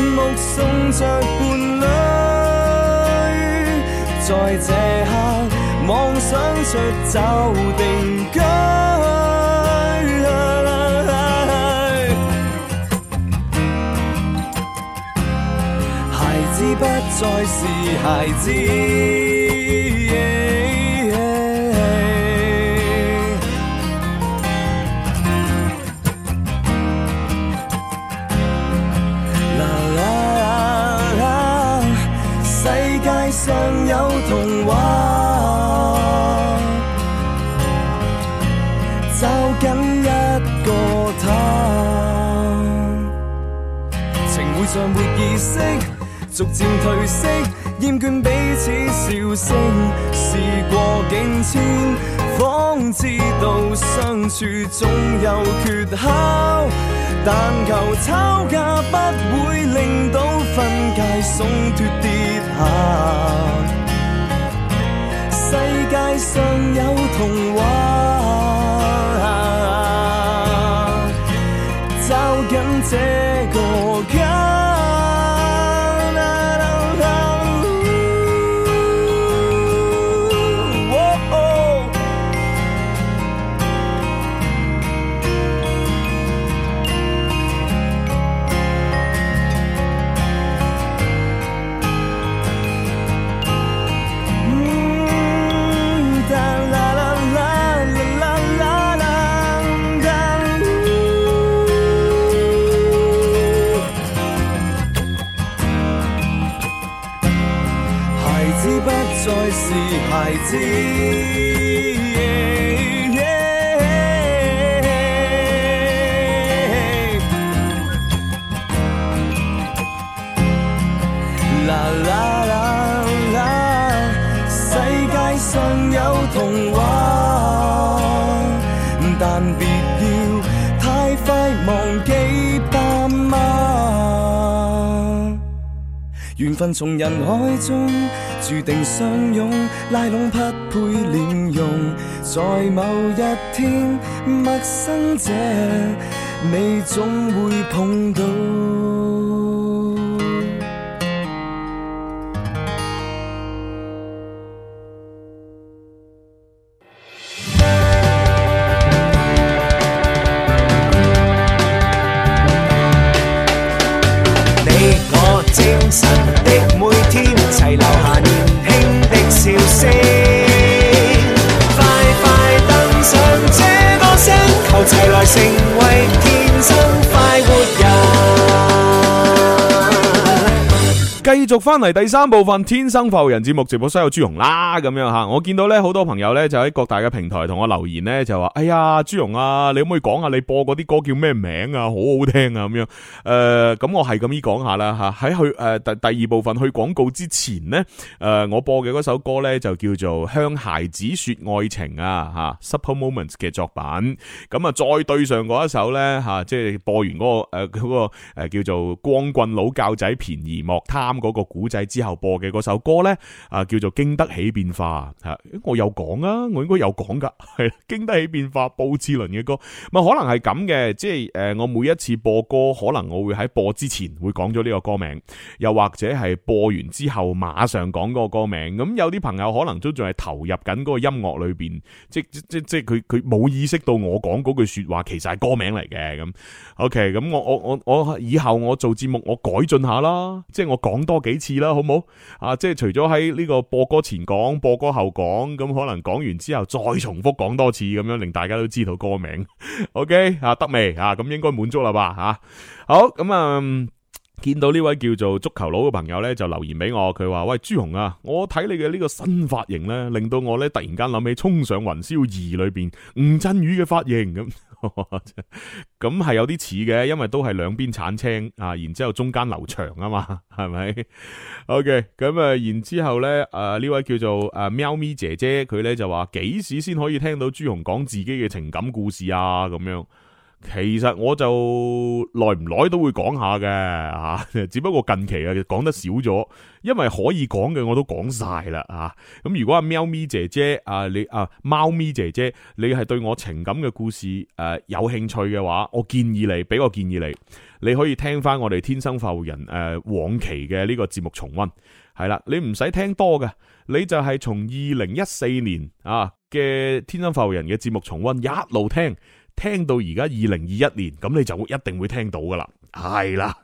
目送着伴侶。在這刻，妄想着出走定居。孩子不再是孩子。時過境遷，方知道相處總有缺口。但求吵架不會令到分界鬆脱跌下。世界上有童話，就緊這個家。耶耶耶耶耶耶耶啦啦啦啦！世界上有童話，但別要太快忘記爸媽。緣分從人海中，注定相擁，拉攏匹配臉容，在某一天，陌生者，你總會碰到。繼續翻嚟第三部分《天生浮人》節目直播，室有朱紅啦咁樣吓，我見到咧好多朋友咧就喺各大嘅平台同我留言咧就話：哎呀，朱紅啊，你可唔可以講下你播嗰啲歌叫咩名啊？好好聽啊咁樣。誒、呃，咁我係咁依講下啦吓，喺去誒第、呃、第二部分去廣告之前呢，誒、呃，我播嘅嗰首歌咧就叫做《向孩子說愛情啊》啊吓，Super Moments 嘅作品。咁啊，再對上嗰一首咧吓，即、啊、係、就是、播完嗰、那個誒、呃那個誒叫做《光棍老教仔便宜莫貪》。嗰個古仔之後播嘅嗰首歌呢，啊，叫做《經得起變化》吓，我又講啊，我應該有講噶，係 《經得起變化》布志倫嘅歌，咪可能係咁嘅，即係、呃、我每一次播歌，可能我會喺播之前會講咗呢個歌名，又或者係播完之後馬上講嗰個歌名。咁有啲朋友可能都仲係投入緊嗰個音樂裏邊，即即即佢佢冇意識到我講嗰句說話其實係歌名嚟嘅。咁，OK，咁我我我我以後我做節目我改進下啦，即係我講。多幾次啦，好唔好？啊，即係除咗喺呢個播歌前講、播歌後講，咁可能講完之後再重複講多次，咁樣令大家都知道歌名。 OK，啊得未？啊咁應該滿足啦吧？吓、啊、好咁啊、嗯，見到呢位叫做足球佬嘅朋友呢，就留言俾我，佢話喂，朱紅啊，我睇你嘅呢個新髮型呢，令到我呢突然間諗起衝雲《衝上雲霄二》裏邊吳鎮宇嘅髮型咁。咁係 有啲似嘅，因為都係兩邊鏟青啊，然之後中間留長啊嘛，係咪？OK，咁啊，然之後咧，誒呢位叫做誒喵咪姐姐，佢咧就話幾時先可以聽到朱紅講自己嘅情感故事啊？咁樣。其實我就耐唔耐都會講下嘅吓，只不過近期啊講得少咗，因為可以講嘅我都講晒啦。咁如果阿喵咪姐姐啊，你啊貓咪姐姐，你係對我情感嘅故事誒有興趣嘅話，我建議你俾個建議你，你可以聽翻我哋天生發育人誒往期嘅呢個節目重溫，係啦，你唔使聽多嘅，你就係從二零一四年啊嘅天生發育人嘅節目重溫一路聽。聽到而家二零二一年，咁你就一定會聽到噶啦，係啦。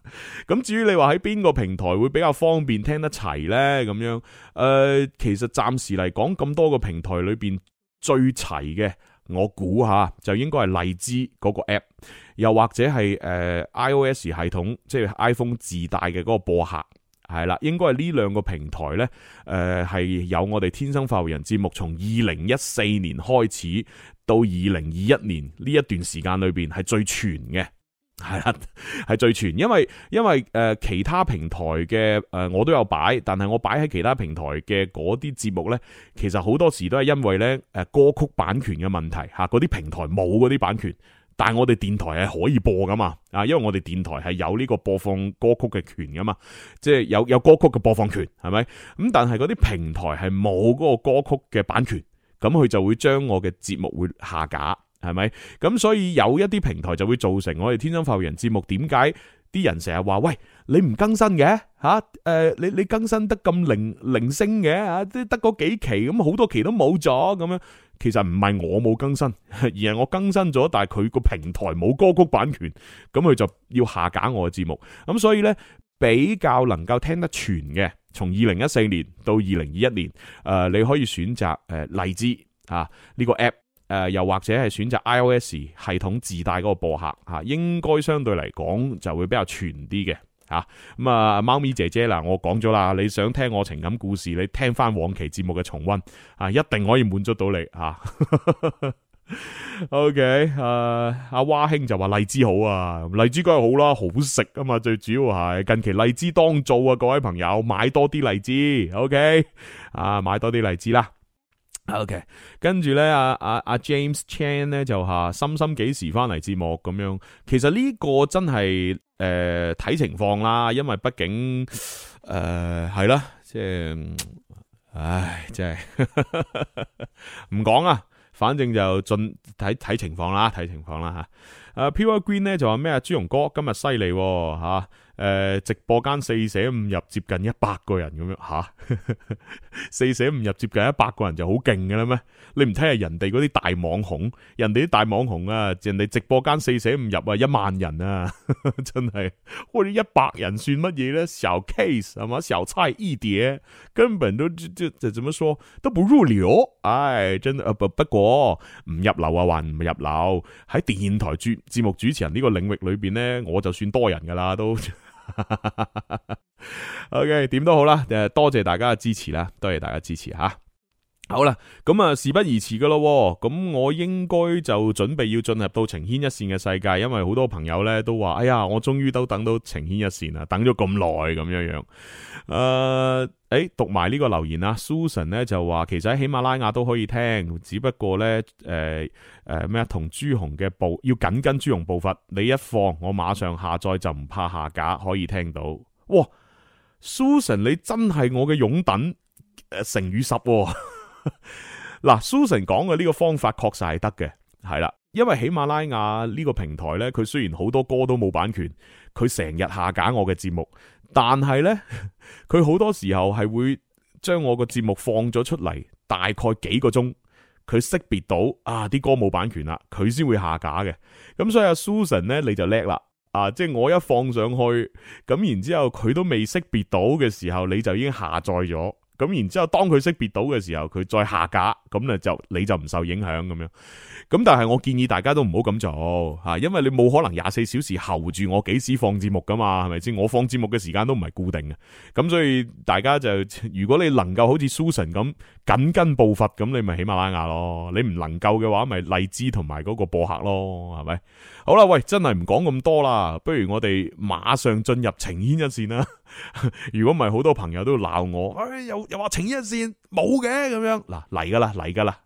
咁至於你話喺邊個平台會比較方便聽得齊呢？咁樣誒、呃，其實暫時嚟講，咁多個平台裏邊最齊嘅，我估吓就應該係荔枝嗰個 app，又或者係誒、呃、iOS 系統，即係 iPhone 自帶嘅嗰個播客，係啦，應該係呢兩個平台呢，誒、呃、係有我哋天生發育人節目從二零一四年開始。到二零二一年呢一段時間裏邊係最全嘅，係啦，係最全。因為因為誒其他平台嘅，誒我都有擺，但係我擺喺其他平台嘅嗰啲節目呢,其實好多時都係因為呢誒歌曲版權嘅問題吓,嗰啲平台冇嗰啲版權，但係我哋電台係可以播噶嘛啊，因為我哋電台係有呢個播放歌曲嘅權噶嘛，即係有有歌曲嘅播放權，係咪？咁但係嗰啲平台係冇嗰個歌曲嘅版權。咁佢就會將我嘅節目會下架，係咪？咁所以有一啲平台就會造成我哋天生發育人節目，點解啲人成日話，喂你唔更新嘅嚇？誒你你更新得咁零零星嘅嚇，都得嗰幾期，咁好多期都冇咗咁樣。其實唔係我冇更新，而係我更新咗，但係佢個平台冇歌曲版權，咁佢就要下架我嘅節目。咁所以呢比較能夠聽得全嘅。從二零一四年到二零二一年，誒，你可以選擇誒荔枝啊呢個 app，誒又或者係選擇 iOS 系統自帶嗰個播客，吓應該相對嚟講就會比較全啲嘅，吓咁啊，貓咪姐姐嗱，我講咗啦，你想聽我情感故事，你聽翻往期節目嘅重溫，啊，一定可以滿足到你， O K，誒，阿蛙兄就話荔枝好啊，荔枝梗係好啦，好食啊嘛，最主要係近期荔枝當造啊，各位朋友買多啲荔枝，O K，啊，買多啲荔枝啦，O K，跟住咧，阿阿阿 James Chan 咧就話心心幾時翻嚟節目咁樣，其實呢個真係誒睇情況啦，因為畢竟誒係啦，即係，唉，即係唔講啊。反正就盡睇睇情況啦，睇情況啦吓、uh, 哦。啊，pure green 咧就話咩啊？朱融哥今日犀利吓。誒、呃，直播間四捨五入接近一百個人咁樣吓，啊、 四捨五入接近一百個人就好勁㗎啦咩？你唔睇下人哋嗰啲大網紅，人哋啲大網紅啊，人哋直播間四捨五入啊一萬人啊，呵呵真係喂，一百人算乜嘢咧？小 case 係嘛？小菜一碟，根本都就就就怎麼說都不入流，唉、哎，真不不過唔入流啊，還唔入流。喺電台主節目主持人呢個領域裏邊咧，我就算多人噶啦都。哈 ，OK，點都好啦，誒，多謝大家嘅支持啦，多謝大家支持吓。好啦，咁啊，事不宜遲噶咯。咁我應該就準備要進入到情牽一線嘅世界，因為好多朋友咧都話：哎呀，我終於都等到情牽一線啦，等咗咁耐咁樣樣。誒、呃，誒，讀埋呢個留言啦，Susan 咧就話，其實喺喜馬拉雅都可以聽，只不過咧，誒誒咩同朱紅嘅步要緊跟朱紅步伐，你一放我馬上下載就唔怕下架，可以聽到。哇，Susan，你真係我嘅擁躉誒，成與十、哦。嗱 ，Susan 講嘅呢個方法確實係得嘅，係啦，因為喜馬拉雅呢個平台呢，佢雖然好多歌都冇版權，佢成日下架我嘅節目，但係呢，佢好多時候係會將我個節目放咗出嚟，大概幾個鐘，佢識別到啊啲歌冇版權啦，佢先會下架嘅。咁所以啊，Susan 呢，你就叻啦，啊，即係我一放上去，咁然之後佢都未識別到嘅時候，你就已經下載咗。咁然之後，當佢識別到嘅時候，佢再下架，咁咧就你就唔受影響咁樣。咁但係我建議大家都唔好咁做吓，因為你冇可能廿四小時候住我幾時放節目噶嘛，係咪先？我放節目嘅時間都唔係固定嘅，咁所以大家就如果你能夠好似 Susan 咁。緊跟步伐，咁你咪喜馬拉雅咯，你唔能夠嘅話，咪、就是、荔枝同埋嗰個播客咯，係咪？好啦，喂，真係唔講咁多啦，不如我哋馬上進入情牽一線啦。 如果唔係，好多朋友都鬧我，哎、又又話情牽一線冇嘅咁樣，嗱嚟噶啦，嚟噶啦。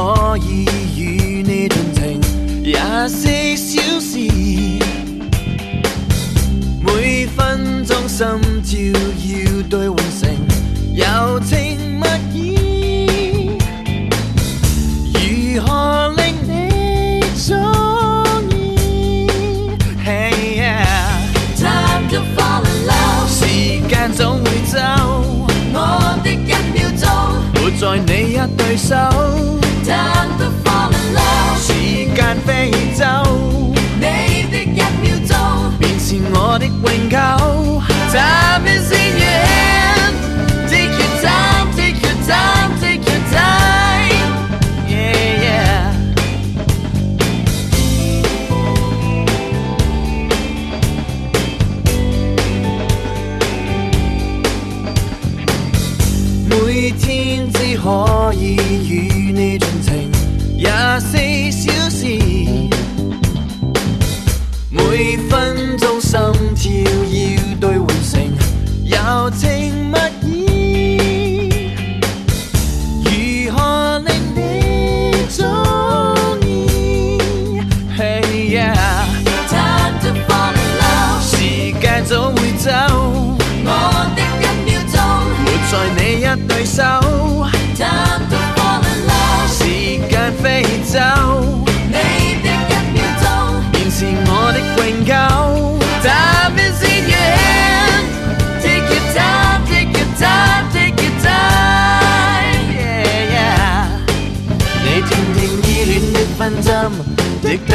可以與你盡情廿四小時。每分鐘心跳要兌換成，有情。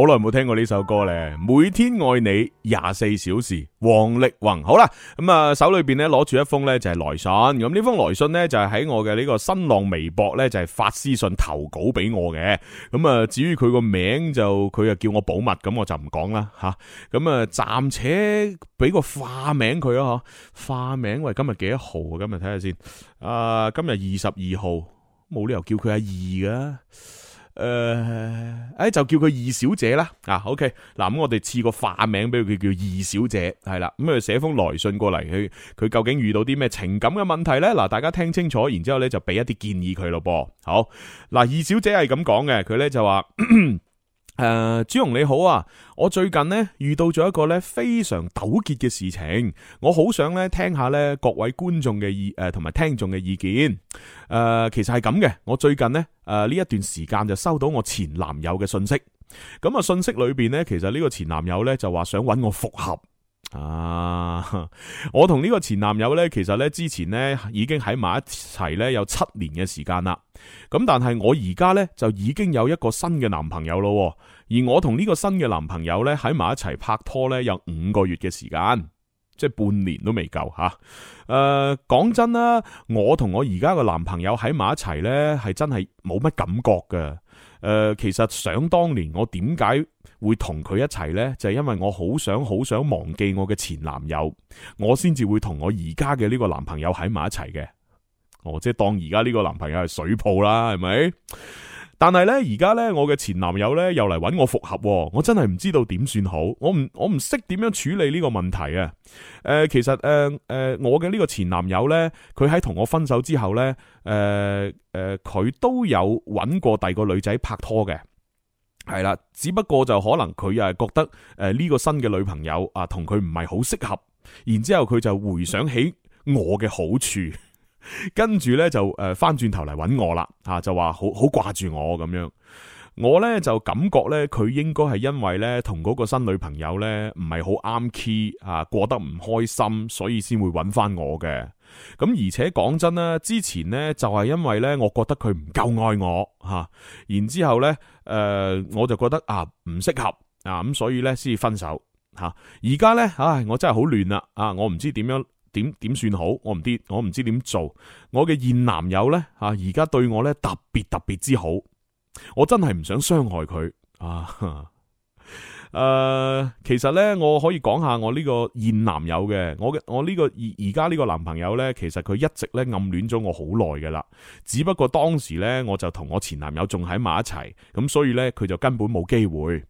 好耐冇聽過呢首歌咧，每天愛你廿四小時，王力宏。好啦，咁啊手裏邊咧，攞住一封咧就係來信，咁呢封來信咧就係喺我嘅呢個新浪微博咧就係發私信投稿俾我嘅。咁啊至於佢個名就佢啊叫我保密，咁我就唔講啦吓。咁啊暫且俾個化名佢咯嗬，化名，喂，今日幾多號看看啊？今日睇下先，啊今日二十二號，冇理由叫佢阿二噶。誒，誒、呃、就叫佢二小姐啦，啊，OK，嗱，咁我哋賜個化名俾佢叫二小姐，係啦，咁啊寫封來信過嚟，佢佢究竟遇到啲咩情感嘅問題呢？嗱，大家聽清楚，然之後呢就俾一啲建議佢咯，噃好，嗱，二小姐係咁講嘅，佢呢就話。 誒、呃，朱榮你好啊！我最近呢遇到咗一個咧非常糾結嘅事情，我好想咧聽下咧各位觀眾嘅意誒同埋聽眾嘅意見。誒、呃，其實係咁嘅，我最近呢誒呢、呃、一段時間就收到我前男友嘅信息。咁、嗯、啊，信息裏邊呢，其實呢個前男友咧就話想揾我復合。啊！我同呢個前男友呢，其實呢之前呢已經喺埋一齊呢有七年嘅時間啦。咁但係我而家呢，就已經有一個新嘅男朋友咯。而我同呢個新嘅男朋友呢，喺埋一齊拍拖呢有五個月嘅時間，即係半年都未夠吓。誒、啊，講、呃、真啦，我同我而家嘅男朋友喺埋一齊呢，係真係冇乜感覺㗎。誒、呃，其實想當年我點解會同佢一齊呢，就係、是、因為我好想好想忘記我嘅前男友，我先至會同我而家嘅呢個男朋友喺埋一齊嘅。哦，即、就、係、是、當而家呢個男朋友係水泡啦，係咪？但係呢，而家呢，我嘅前男友呢，又嚟搵我複合，啊，我真係唔知道點算好。我唔我唔識點樣處理呢個問題啊。誒、呃，其實誒誒、呃呃，我嘅呢個前男友呢，佢喺同我分手之後呢，誒、呃、誒，佢、呃、都有搵過第二個女仔拍拖嘅。係啦，只不過就可能佢係覺得誒呢個新嘅女朋友啊同佢唔係好適合，然之後佢就回想起我嘅好處，跟住咧就誒翻轉頭嚟揾我啦，吓就話好好掛住我咁樣。我咧就感覺咧佢應該係因為咧同嗰個新女朋友咧唔係好啱 key 啊，過得唔開心，所以先會揾翻我嘅。咁而且講真啦，之前呢就係因為呢，我覺得佢唔夠愛我吓，然之後呢誒我就覺得啊唔適合啊，咁所以呢，先分手吓。而家呢，唉我真係好亂啦啊，我唔知點樣點點算好，我唔知我唔知點做。我嘅現男友呢，吓，而家對我呢特別特別之好，我真係唔想傷害佢啊。誒、呃，其實咧，我可以講下我呢個現男友嘅，我嘅我呢、呢個而而家呢個男朋友咧，其實佢一直咧暗戀咗我好耐噶啦，只不過當時咧，我就同我前男友仲喺埋一齊，咁所以咧，佢就根本冇機會。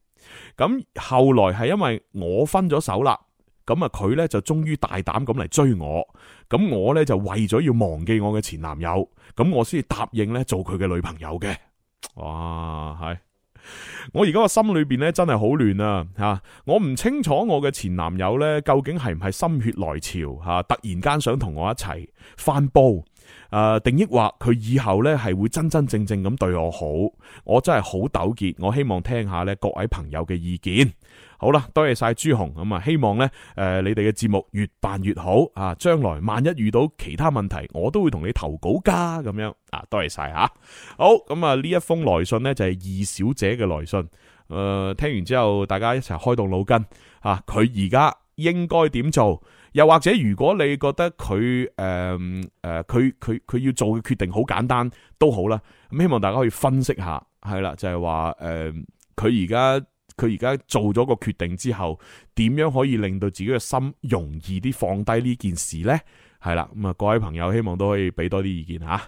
咁後來係因為我分咗手啦，咁啊佢咧就終於大膽咁嚟追我，咁我咧就為咗要忘記我嘅前男友，咁我先至答應咧做佢嘅女朋友嘅。哇，係。我而家個心裏邊咧真係好亂啊！吓，我唔清楚我嘅前男友咧究竟係唔係心血來潮吓，突然間想同我一齊翻煲，誒、呃，定抑或佢以後咧係會真真正正咁對我好？我真係好糾結，我希望聽下咧各位朋友嘅意見。好啦，多謝晒朱紅咁啊！希望咧，誒、呃，你哋嘅節目越辦越好啊！將來萬一遇到其他問題，我都會同你投稿㗎咁樣啊！多謝晒吓、啊，好咁啊！呢、嗯、一封來信咧就係、是、二小姐嘅來信，誒、呃，聽完之後大家一齊開動腦筋啊！佢而家應該點做？又或者如果你覺得佢誒誒，佢佢佢要做嘅決定好簡單都好啦，咁、嗯、希望大家可以分析下，係啦，就係話誒，佢而家。佢而家做咗個決定之後，點樣可以令到自己嘅心容易啲放低呢件事呢？係啦，咁啊，各位朋友希望都可以俾多啲意見吓。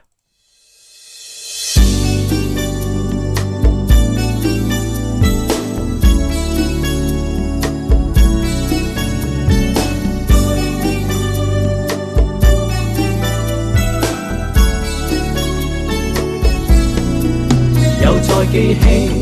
又再記起。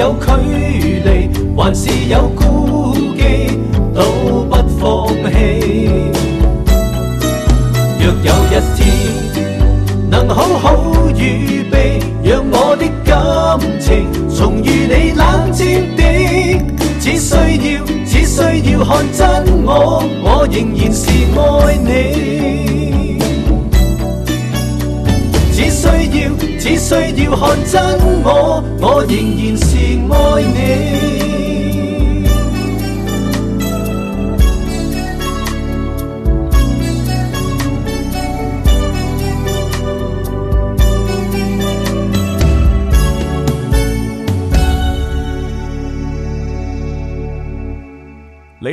有距離，還是有顧忌，都不放棄。若有一天能好好預備，讓我的感情重遇你冷戰地，只需要，只需要看真我，我仍然是愛你。只需要看真我，我仍然是愛你。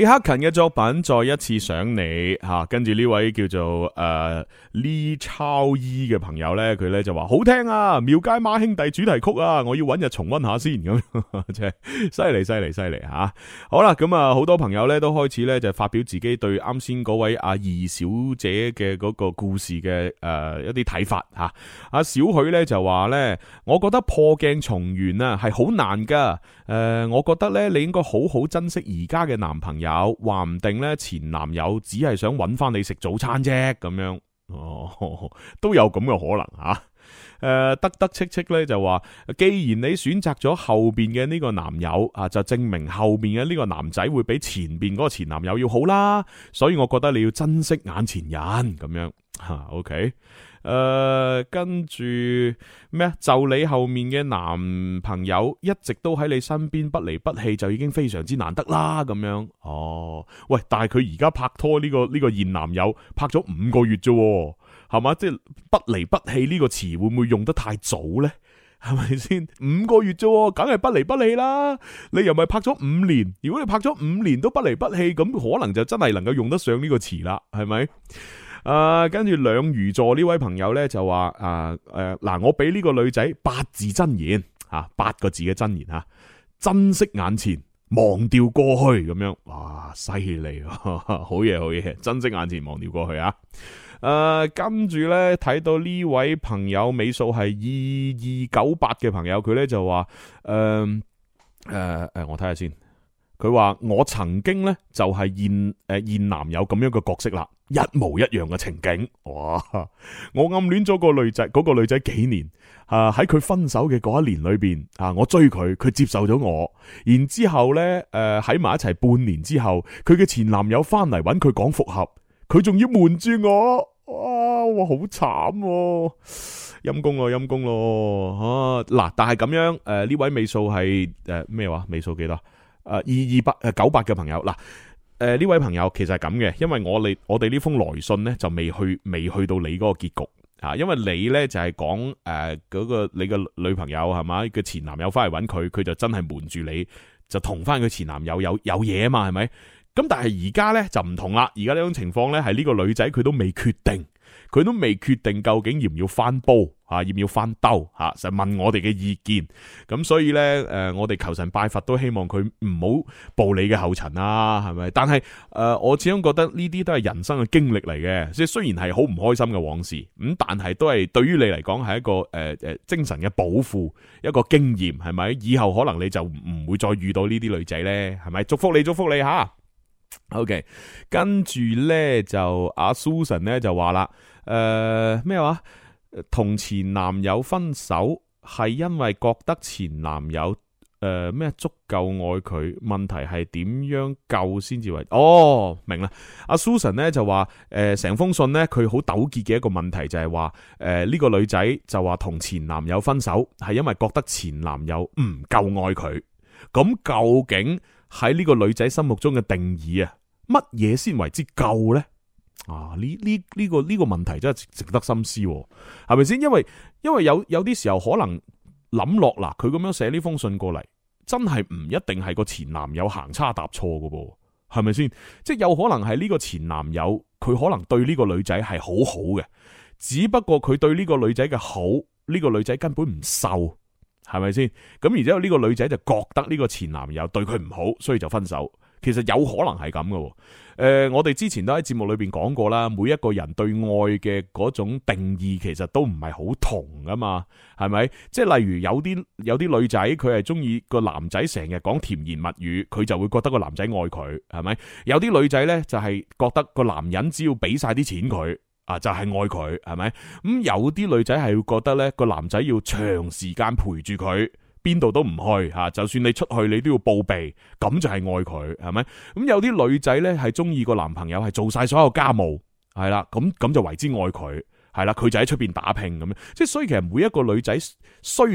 克勤嘅作品再一次想你吓、啊，跟住呢位叫做誒、呃、Lee 嘅、e、朋友呢，佢呢就話好聽啊，《廟街孖兄弟》主題曲啊，我要揾日重溫下先咁、啊，真係犀利犀利犀利吓。好啦，咁、嗯、啊，好多朋友呢都開始呢就發表自己對啱先嗰位阿二小姐嘅嗰個故事嘅誒、呃、一啲睇法吓。阿、啊、小許呢就話呢，我覺得破鏡重圓啊係好難噶。誒、呃，我覺得咧你應該好好珍惜而家嘅男朋友，話唔定咧前男友只係想揾翻你食早餐啫咁樣，哦，都有咁嘅可能吓。誒、啊呃，得得戚戚咧就話，既然你選擇咗後邊嘅呢個男友啊，就證明後邊嘅呢個男仔會比前邊嗰個前男友要好啦，所以我覺得你要珍惜眼前人咁樣吓、啊、，OK。誒、呃，跟住咩就你後面嘅男朋友一直都喺你身邊不離不棄，就已經非常之難得啦。咁樣，哦，喂，但係佢而家拍拖呢個呢個現男友拍咗五個月啫，係嘛？即係不離不棄呢個詞會唔會用得太早呢？係咪先？五個月啫，梗係不離不棄啦。你又咪拍咗五年？如果你拍咗五年都不離不棄，咁可能就真係能夠用得上呢個詞啦，係咪？誒，跟住兩魚座呢位朋友咧就話，誒、啊，誒，嗱，我俾呢個女仔八字真言，吓、啊、八個字嘅真言吓，珍惜眼前，忘掉過去，咁樣，哇，犀利，好嘢！好嘢！珍惜眼前，忘掉過去啊！誒、啊，跟住咧睇到呢位朋友尾數係二二九八嘅朋友，佢咧就話，誒、呃，誒，誒，我睇下先。佢話我曾經呢，就係現誒現男友咁樣嘅角色啦，一模一樣嘅情景，哇！我暗戀咗個女仔，嗰、嗰個女仔幾年啊，喺佢分手嘅嗰一年裏邊啊，我追佢，佢接受咗我，然之後呢誒喺埋一齊半年之後，佢嘅前男友翻嚟搵佢講復合，佢仲要瞞住我，哇！哇，好慘，陰公啊，陰公咯，吓嗱、啊，但係咁樣誒呢、呃、位尾數係誒咩話？尾數幾多？誒，二二八誒九八嘅朋友，嗱，誒呢位朋友其實係咁嘅，因為我哋我哋呢封來信呢，就未去未去到你嗰個結局吓、啊，因為你呢，就係講誒嗰個你嘅女朋友係咪？佢前男友翻嚟揾佢，佢就真係瞞住你，就同翻佢前男友有有嘢嘛，係咪？咁但係而家呢，就唔同啦，而家呢種情況呢，係呢個女仔佢都未決定。佢都未決定究竟要唔要翻煲，吓，要唔要翻兜，吓、啊、就問我哋嘅意見。咁所以呢，誒、呃，我哋求神拜佛都希望佢唔好步你嘅後塵啦、啊，係咪？但係，誒、呃，我始終覺得呢啲都係人生嘅經歷嚟嘅，即雖然係好唔開心嘅往事，咁、嗯、但係都係對於你嚟講係一個，誒，誒，精神嘅保護，一個經驗，係咪？以後可能你就唔會再遇到呢啲女仔呢，係咪？祝福你，祝福你吓。OK，跟住呢，就阿、啊、Susan 呢就話啦。誒，咩話、呃？同、啊、前男友分手係因為覺得前男友誒咩、呃、足夠愛佢？問題係點樣夠先至為？哦，明啦！阿 Susan 咧就話，誒、呃，成封信咧，佢好糾結嘅一個問題就係話，誒、呃，呢、這個女仔就話同前男友分手係因為覺得前男友唔夠愛佢。咁究竟喺呢個女仔心目中嘅定義啊，乜嘢先為之夠呢？啊！呢呢呢個呢個問題真係值得深思，係咪先？因為因為有有啲時候可能諗落嗱，佢咁樣寫呢封信過嚟，真係唔一定係個前男友行差踏錯㗎喎，係咪先？即係有可能係呢個前男友，佢可能對呢個女仔係好好嘅，只不過佢對呢個女仔嘅好，呢個女仔根本唔受，係咪先？咁而之後呢個女仔就覺得呢個前男友對佢唔好，所以就分手。其實有可能係咁嘅，誒，我哋之前都喺節目裏邊講過啦，每一個人對愛嘅嗰種定義，其實都唔係好同噶嘛，係咪？即係例如有啲有啲女仔，佢係中意個男仔成日講甜言蜜語，佢就會覺得個男仔愛佢，係咪？有啲女仔呢，就係覺得個男人只要俾晒啲錢佢，啊，就係愛佢，係咪？咁有啲女仔係會覺得呢，個男仔要長時間陪住佢。邊度都唔去吓，就算你出去，你都要報備，咁就係愛佢係咪？咁有啲女仔呢，係中意個男朋友係做晒所有家務，係啦，咁咁就為之愛佢係啦。佢就喺出邊打拼咁樣，即係所以其實每一個女仔需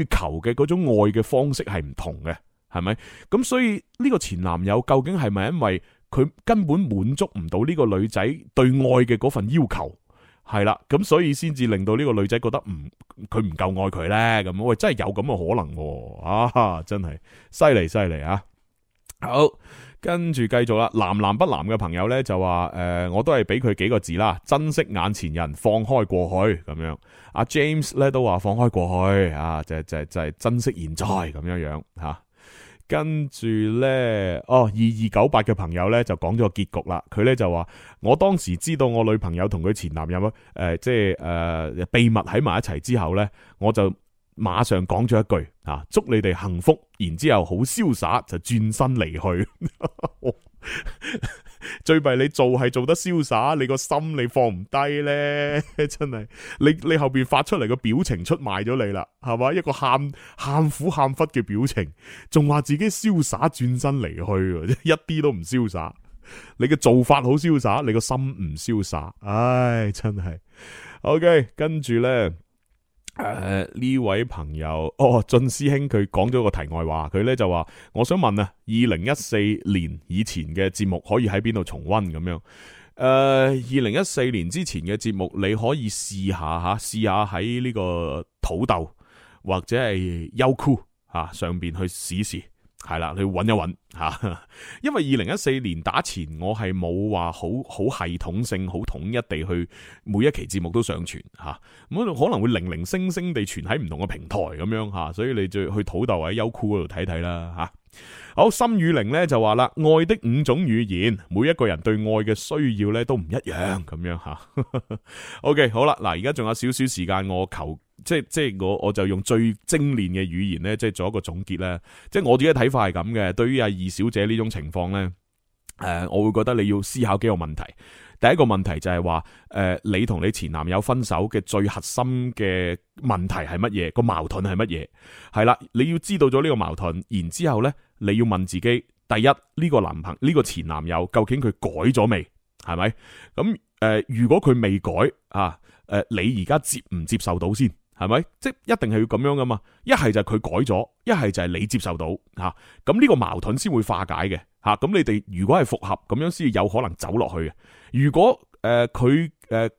求嘅嗰種愛嘅方式係唔同嘅，係咪？咁所以呢個前男友究竟係咪因為佢根本滿足唔到呢個女仔對愛嘅嗰份要求？係啦，咁所以先至令到呢個女仔覺得唔佢唔夠愛佢咧，咁喂真係有咁嘅可能啊，啊真係犀利犀利啊！好，跟住繼續啦。藍藍不藍嘅朋友咧就話誒、呃，我都係俾佢幾個字啦，珍惜眼前人，放開過去咁樣。阿 James 咧都話放開過去啊，就是、就是、就係、是、珍惜現在咁樣樣吓。啊跟住咧，哦，二二九八嘅朋友咧就講咗個結局啦。佢咧就話，我當時知道我女朋友同佢前男友，誒、呃，即係誒、呃、秘密喺埋一齊之後咧，我就。馬上講咗一句啊，祝你哋幸福，然之後好瀟灑就轉身離去。 最弊你做係做得瀟灑，你個心你放唔低呢？真係你你後邊發出嚟個表情出賣咗你啦，係嘛一個喊喊苦喊忽嘅表情，仲話自己瀟灑轉身離去，一啲都唔瀟灑。你嘅做法好瀟灑，你個心唔瀟灑，唉，真係。OK，跟住呢。誒，呢、呃、位朋友哦，晉師兄佢講咗個題外話，佢呢就話，我想問啊，二零一四年以前嘅節目可以喺邊度重溫咁樣？誒、呃，二零一四年之前嘅節目，你可以試下吓，試下喺呢個土豆或者係優酷上邊去試試。係啦，你揾一揾吓，因為二零一四年打前我是沒有說，我係冇話好好系統性、好統一地去每一期節目都上傳吓，咁可能會零零星星地傳喺唔同嘅平台咁樣吓，所以你就去土豆或者優酷嗰度睇睇啦吓。好，心雨玲咧就話啦，愛的五種語言，每一個人對愛嘅需要咧都唔一樣咁樣吓。OK，好啦，嗱，而家仲有少少時間，我求。即係即我我就用最精煉嘅語言咧，即係做一個總結啦。即係我自己嘅睇法係咁嘅。對於阿二小姐呢種情況呢，誒、呃，我會覺得你要思考幾個問題。第一個問題就係話誒，你同你前男友分手嘅最核心嘅問題係乜嘢？個矛盾係乜嘢？係啦，你要知道咗呢個矛盾，然之後呢你要問自己，第一呢、呢個男朋友呢、呢個前男友究竟佢改咗未？係咪咁？誒、嗯呃，如果佢未改啊，誒、呃，你而家接唔接受到先？係咪？即一定係要咁樣噶嘛？一係就係佢改咗，一係就係你接受到吓。咁、啊、呢個矛盾先會化解嘅吓。咁、啊、你哋如果係復合咁樣，先有可能走落去嘅。如果誒佢誒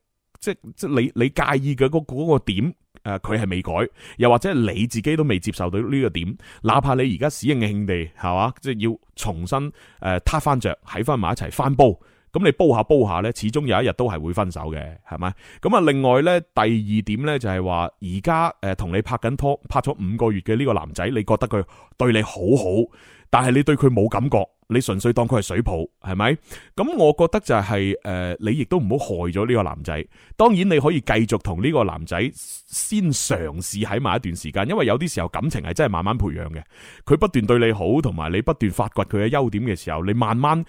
即即係你你介意嘅嗰、那個那個點誒，佢、呃、係未改，又或者你自己都未接受到呢個點，哪怕你而家使用嘅兄弟係嘛，即係要重新誒撻翻着喺翻埋一齊翻煲。咁你煲下煲下呢，始終有一日都係會分手嘅，係咪？咁啊，另外呢，第二點呢就係話，而家誒，同你拍緊拖，拍咗五個月嘅呢個男仔，你覺得佢對你好好，但係你對佢冇感覺，你純粹當佢係水泡，係咪？咁我覺得就係、是、誒、呃，你亦都唔好害咗呢個男仔。當然你可以繼續同呢個男仔先嘗試喺埋一段時間，因為有啲時候感情係真係慢慢培養嘅。佢不斷對你好，同埋你不斷發掘佢嘅優點嘅時候，你慢慢。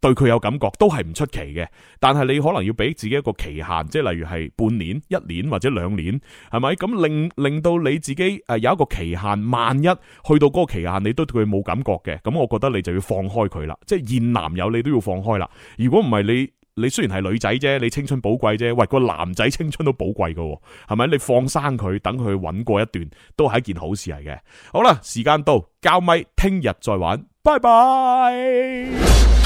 對佢有感覺都係唔出奇嘅，但係你可能要俾自己一個期限，即係例如係半年、一年或者兩年，係咪咁令令到你自己誒有一個期限？萬一去到嗰個期限，你都對佢冇感覺嘅，咁我覺得你就要放開佢啦。即係現男友你都要放開啦。如果唔係你你雖然係女仔啫，你青春寶貴啫，喂個男仔青春都寶貴噶，係咪？你放生佢，等佢揾過一段都係一件好事嚟嘅。好啦，時間到，交咪，聽日再玩，拜拜。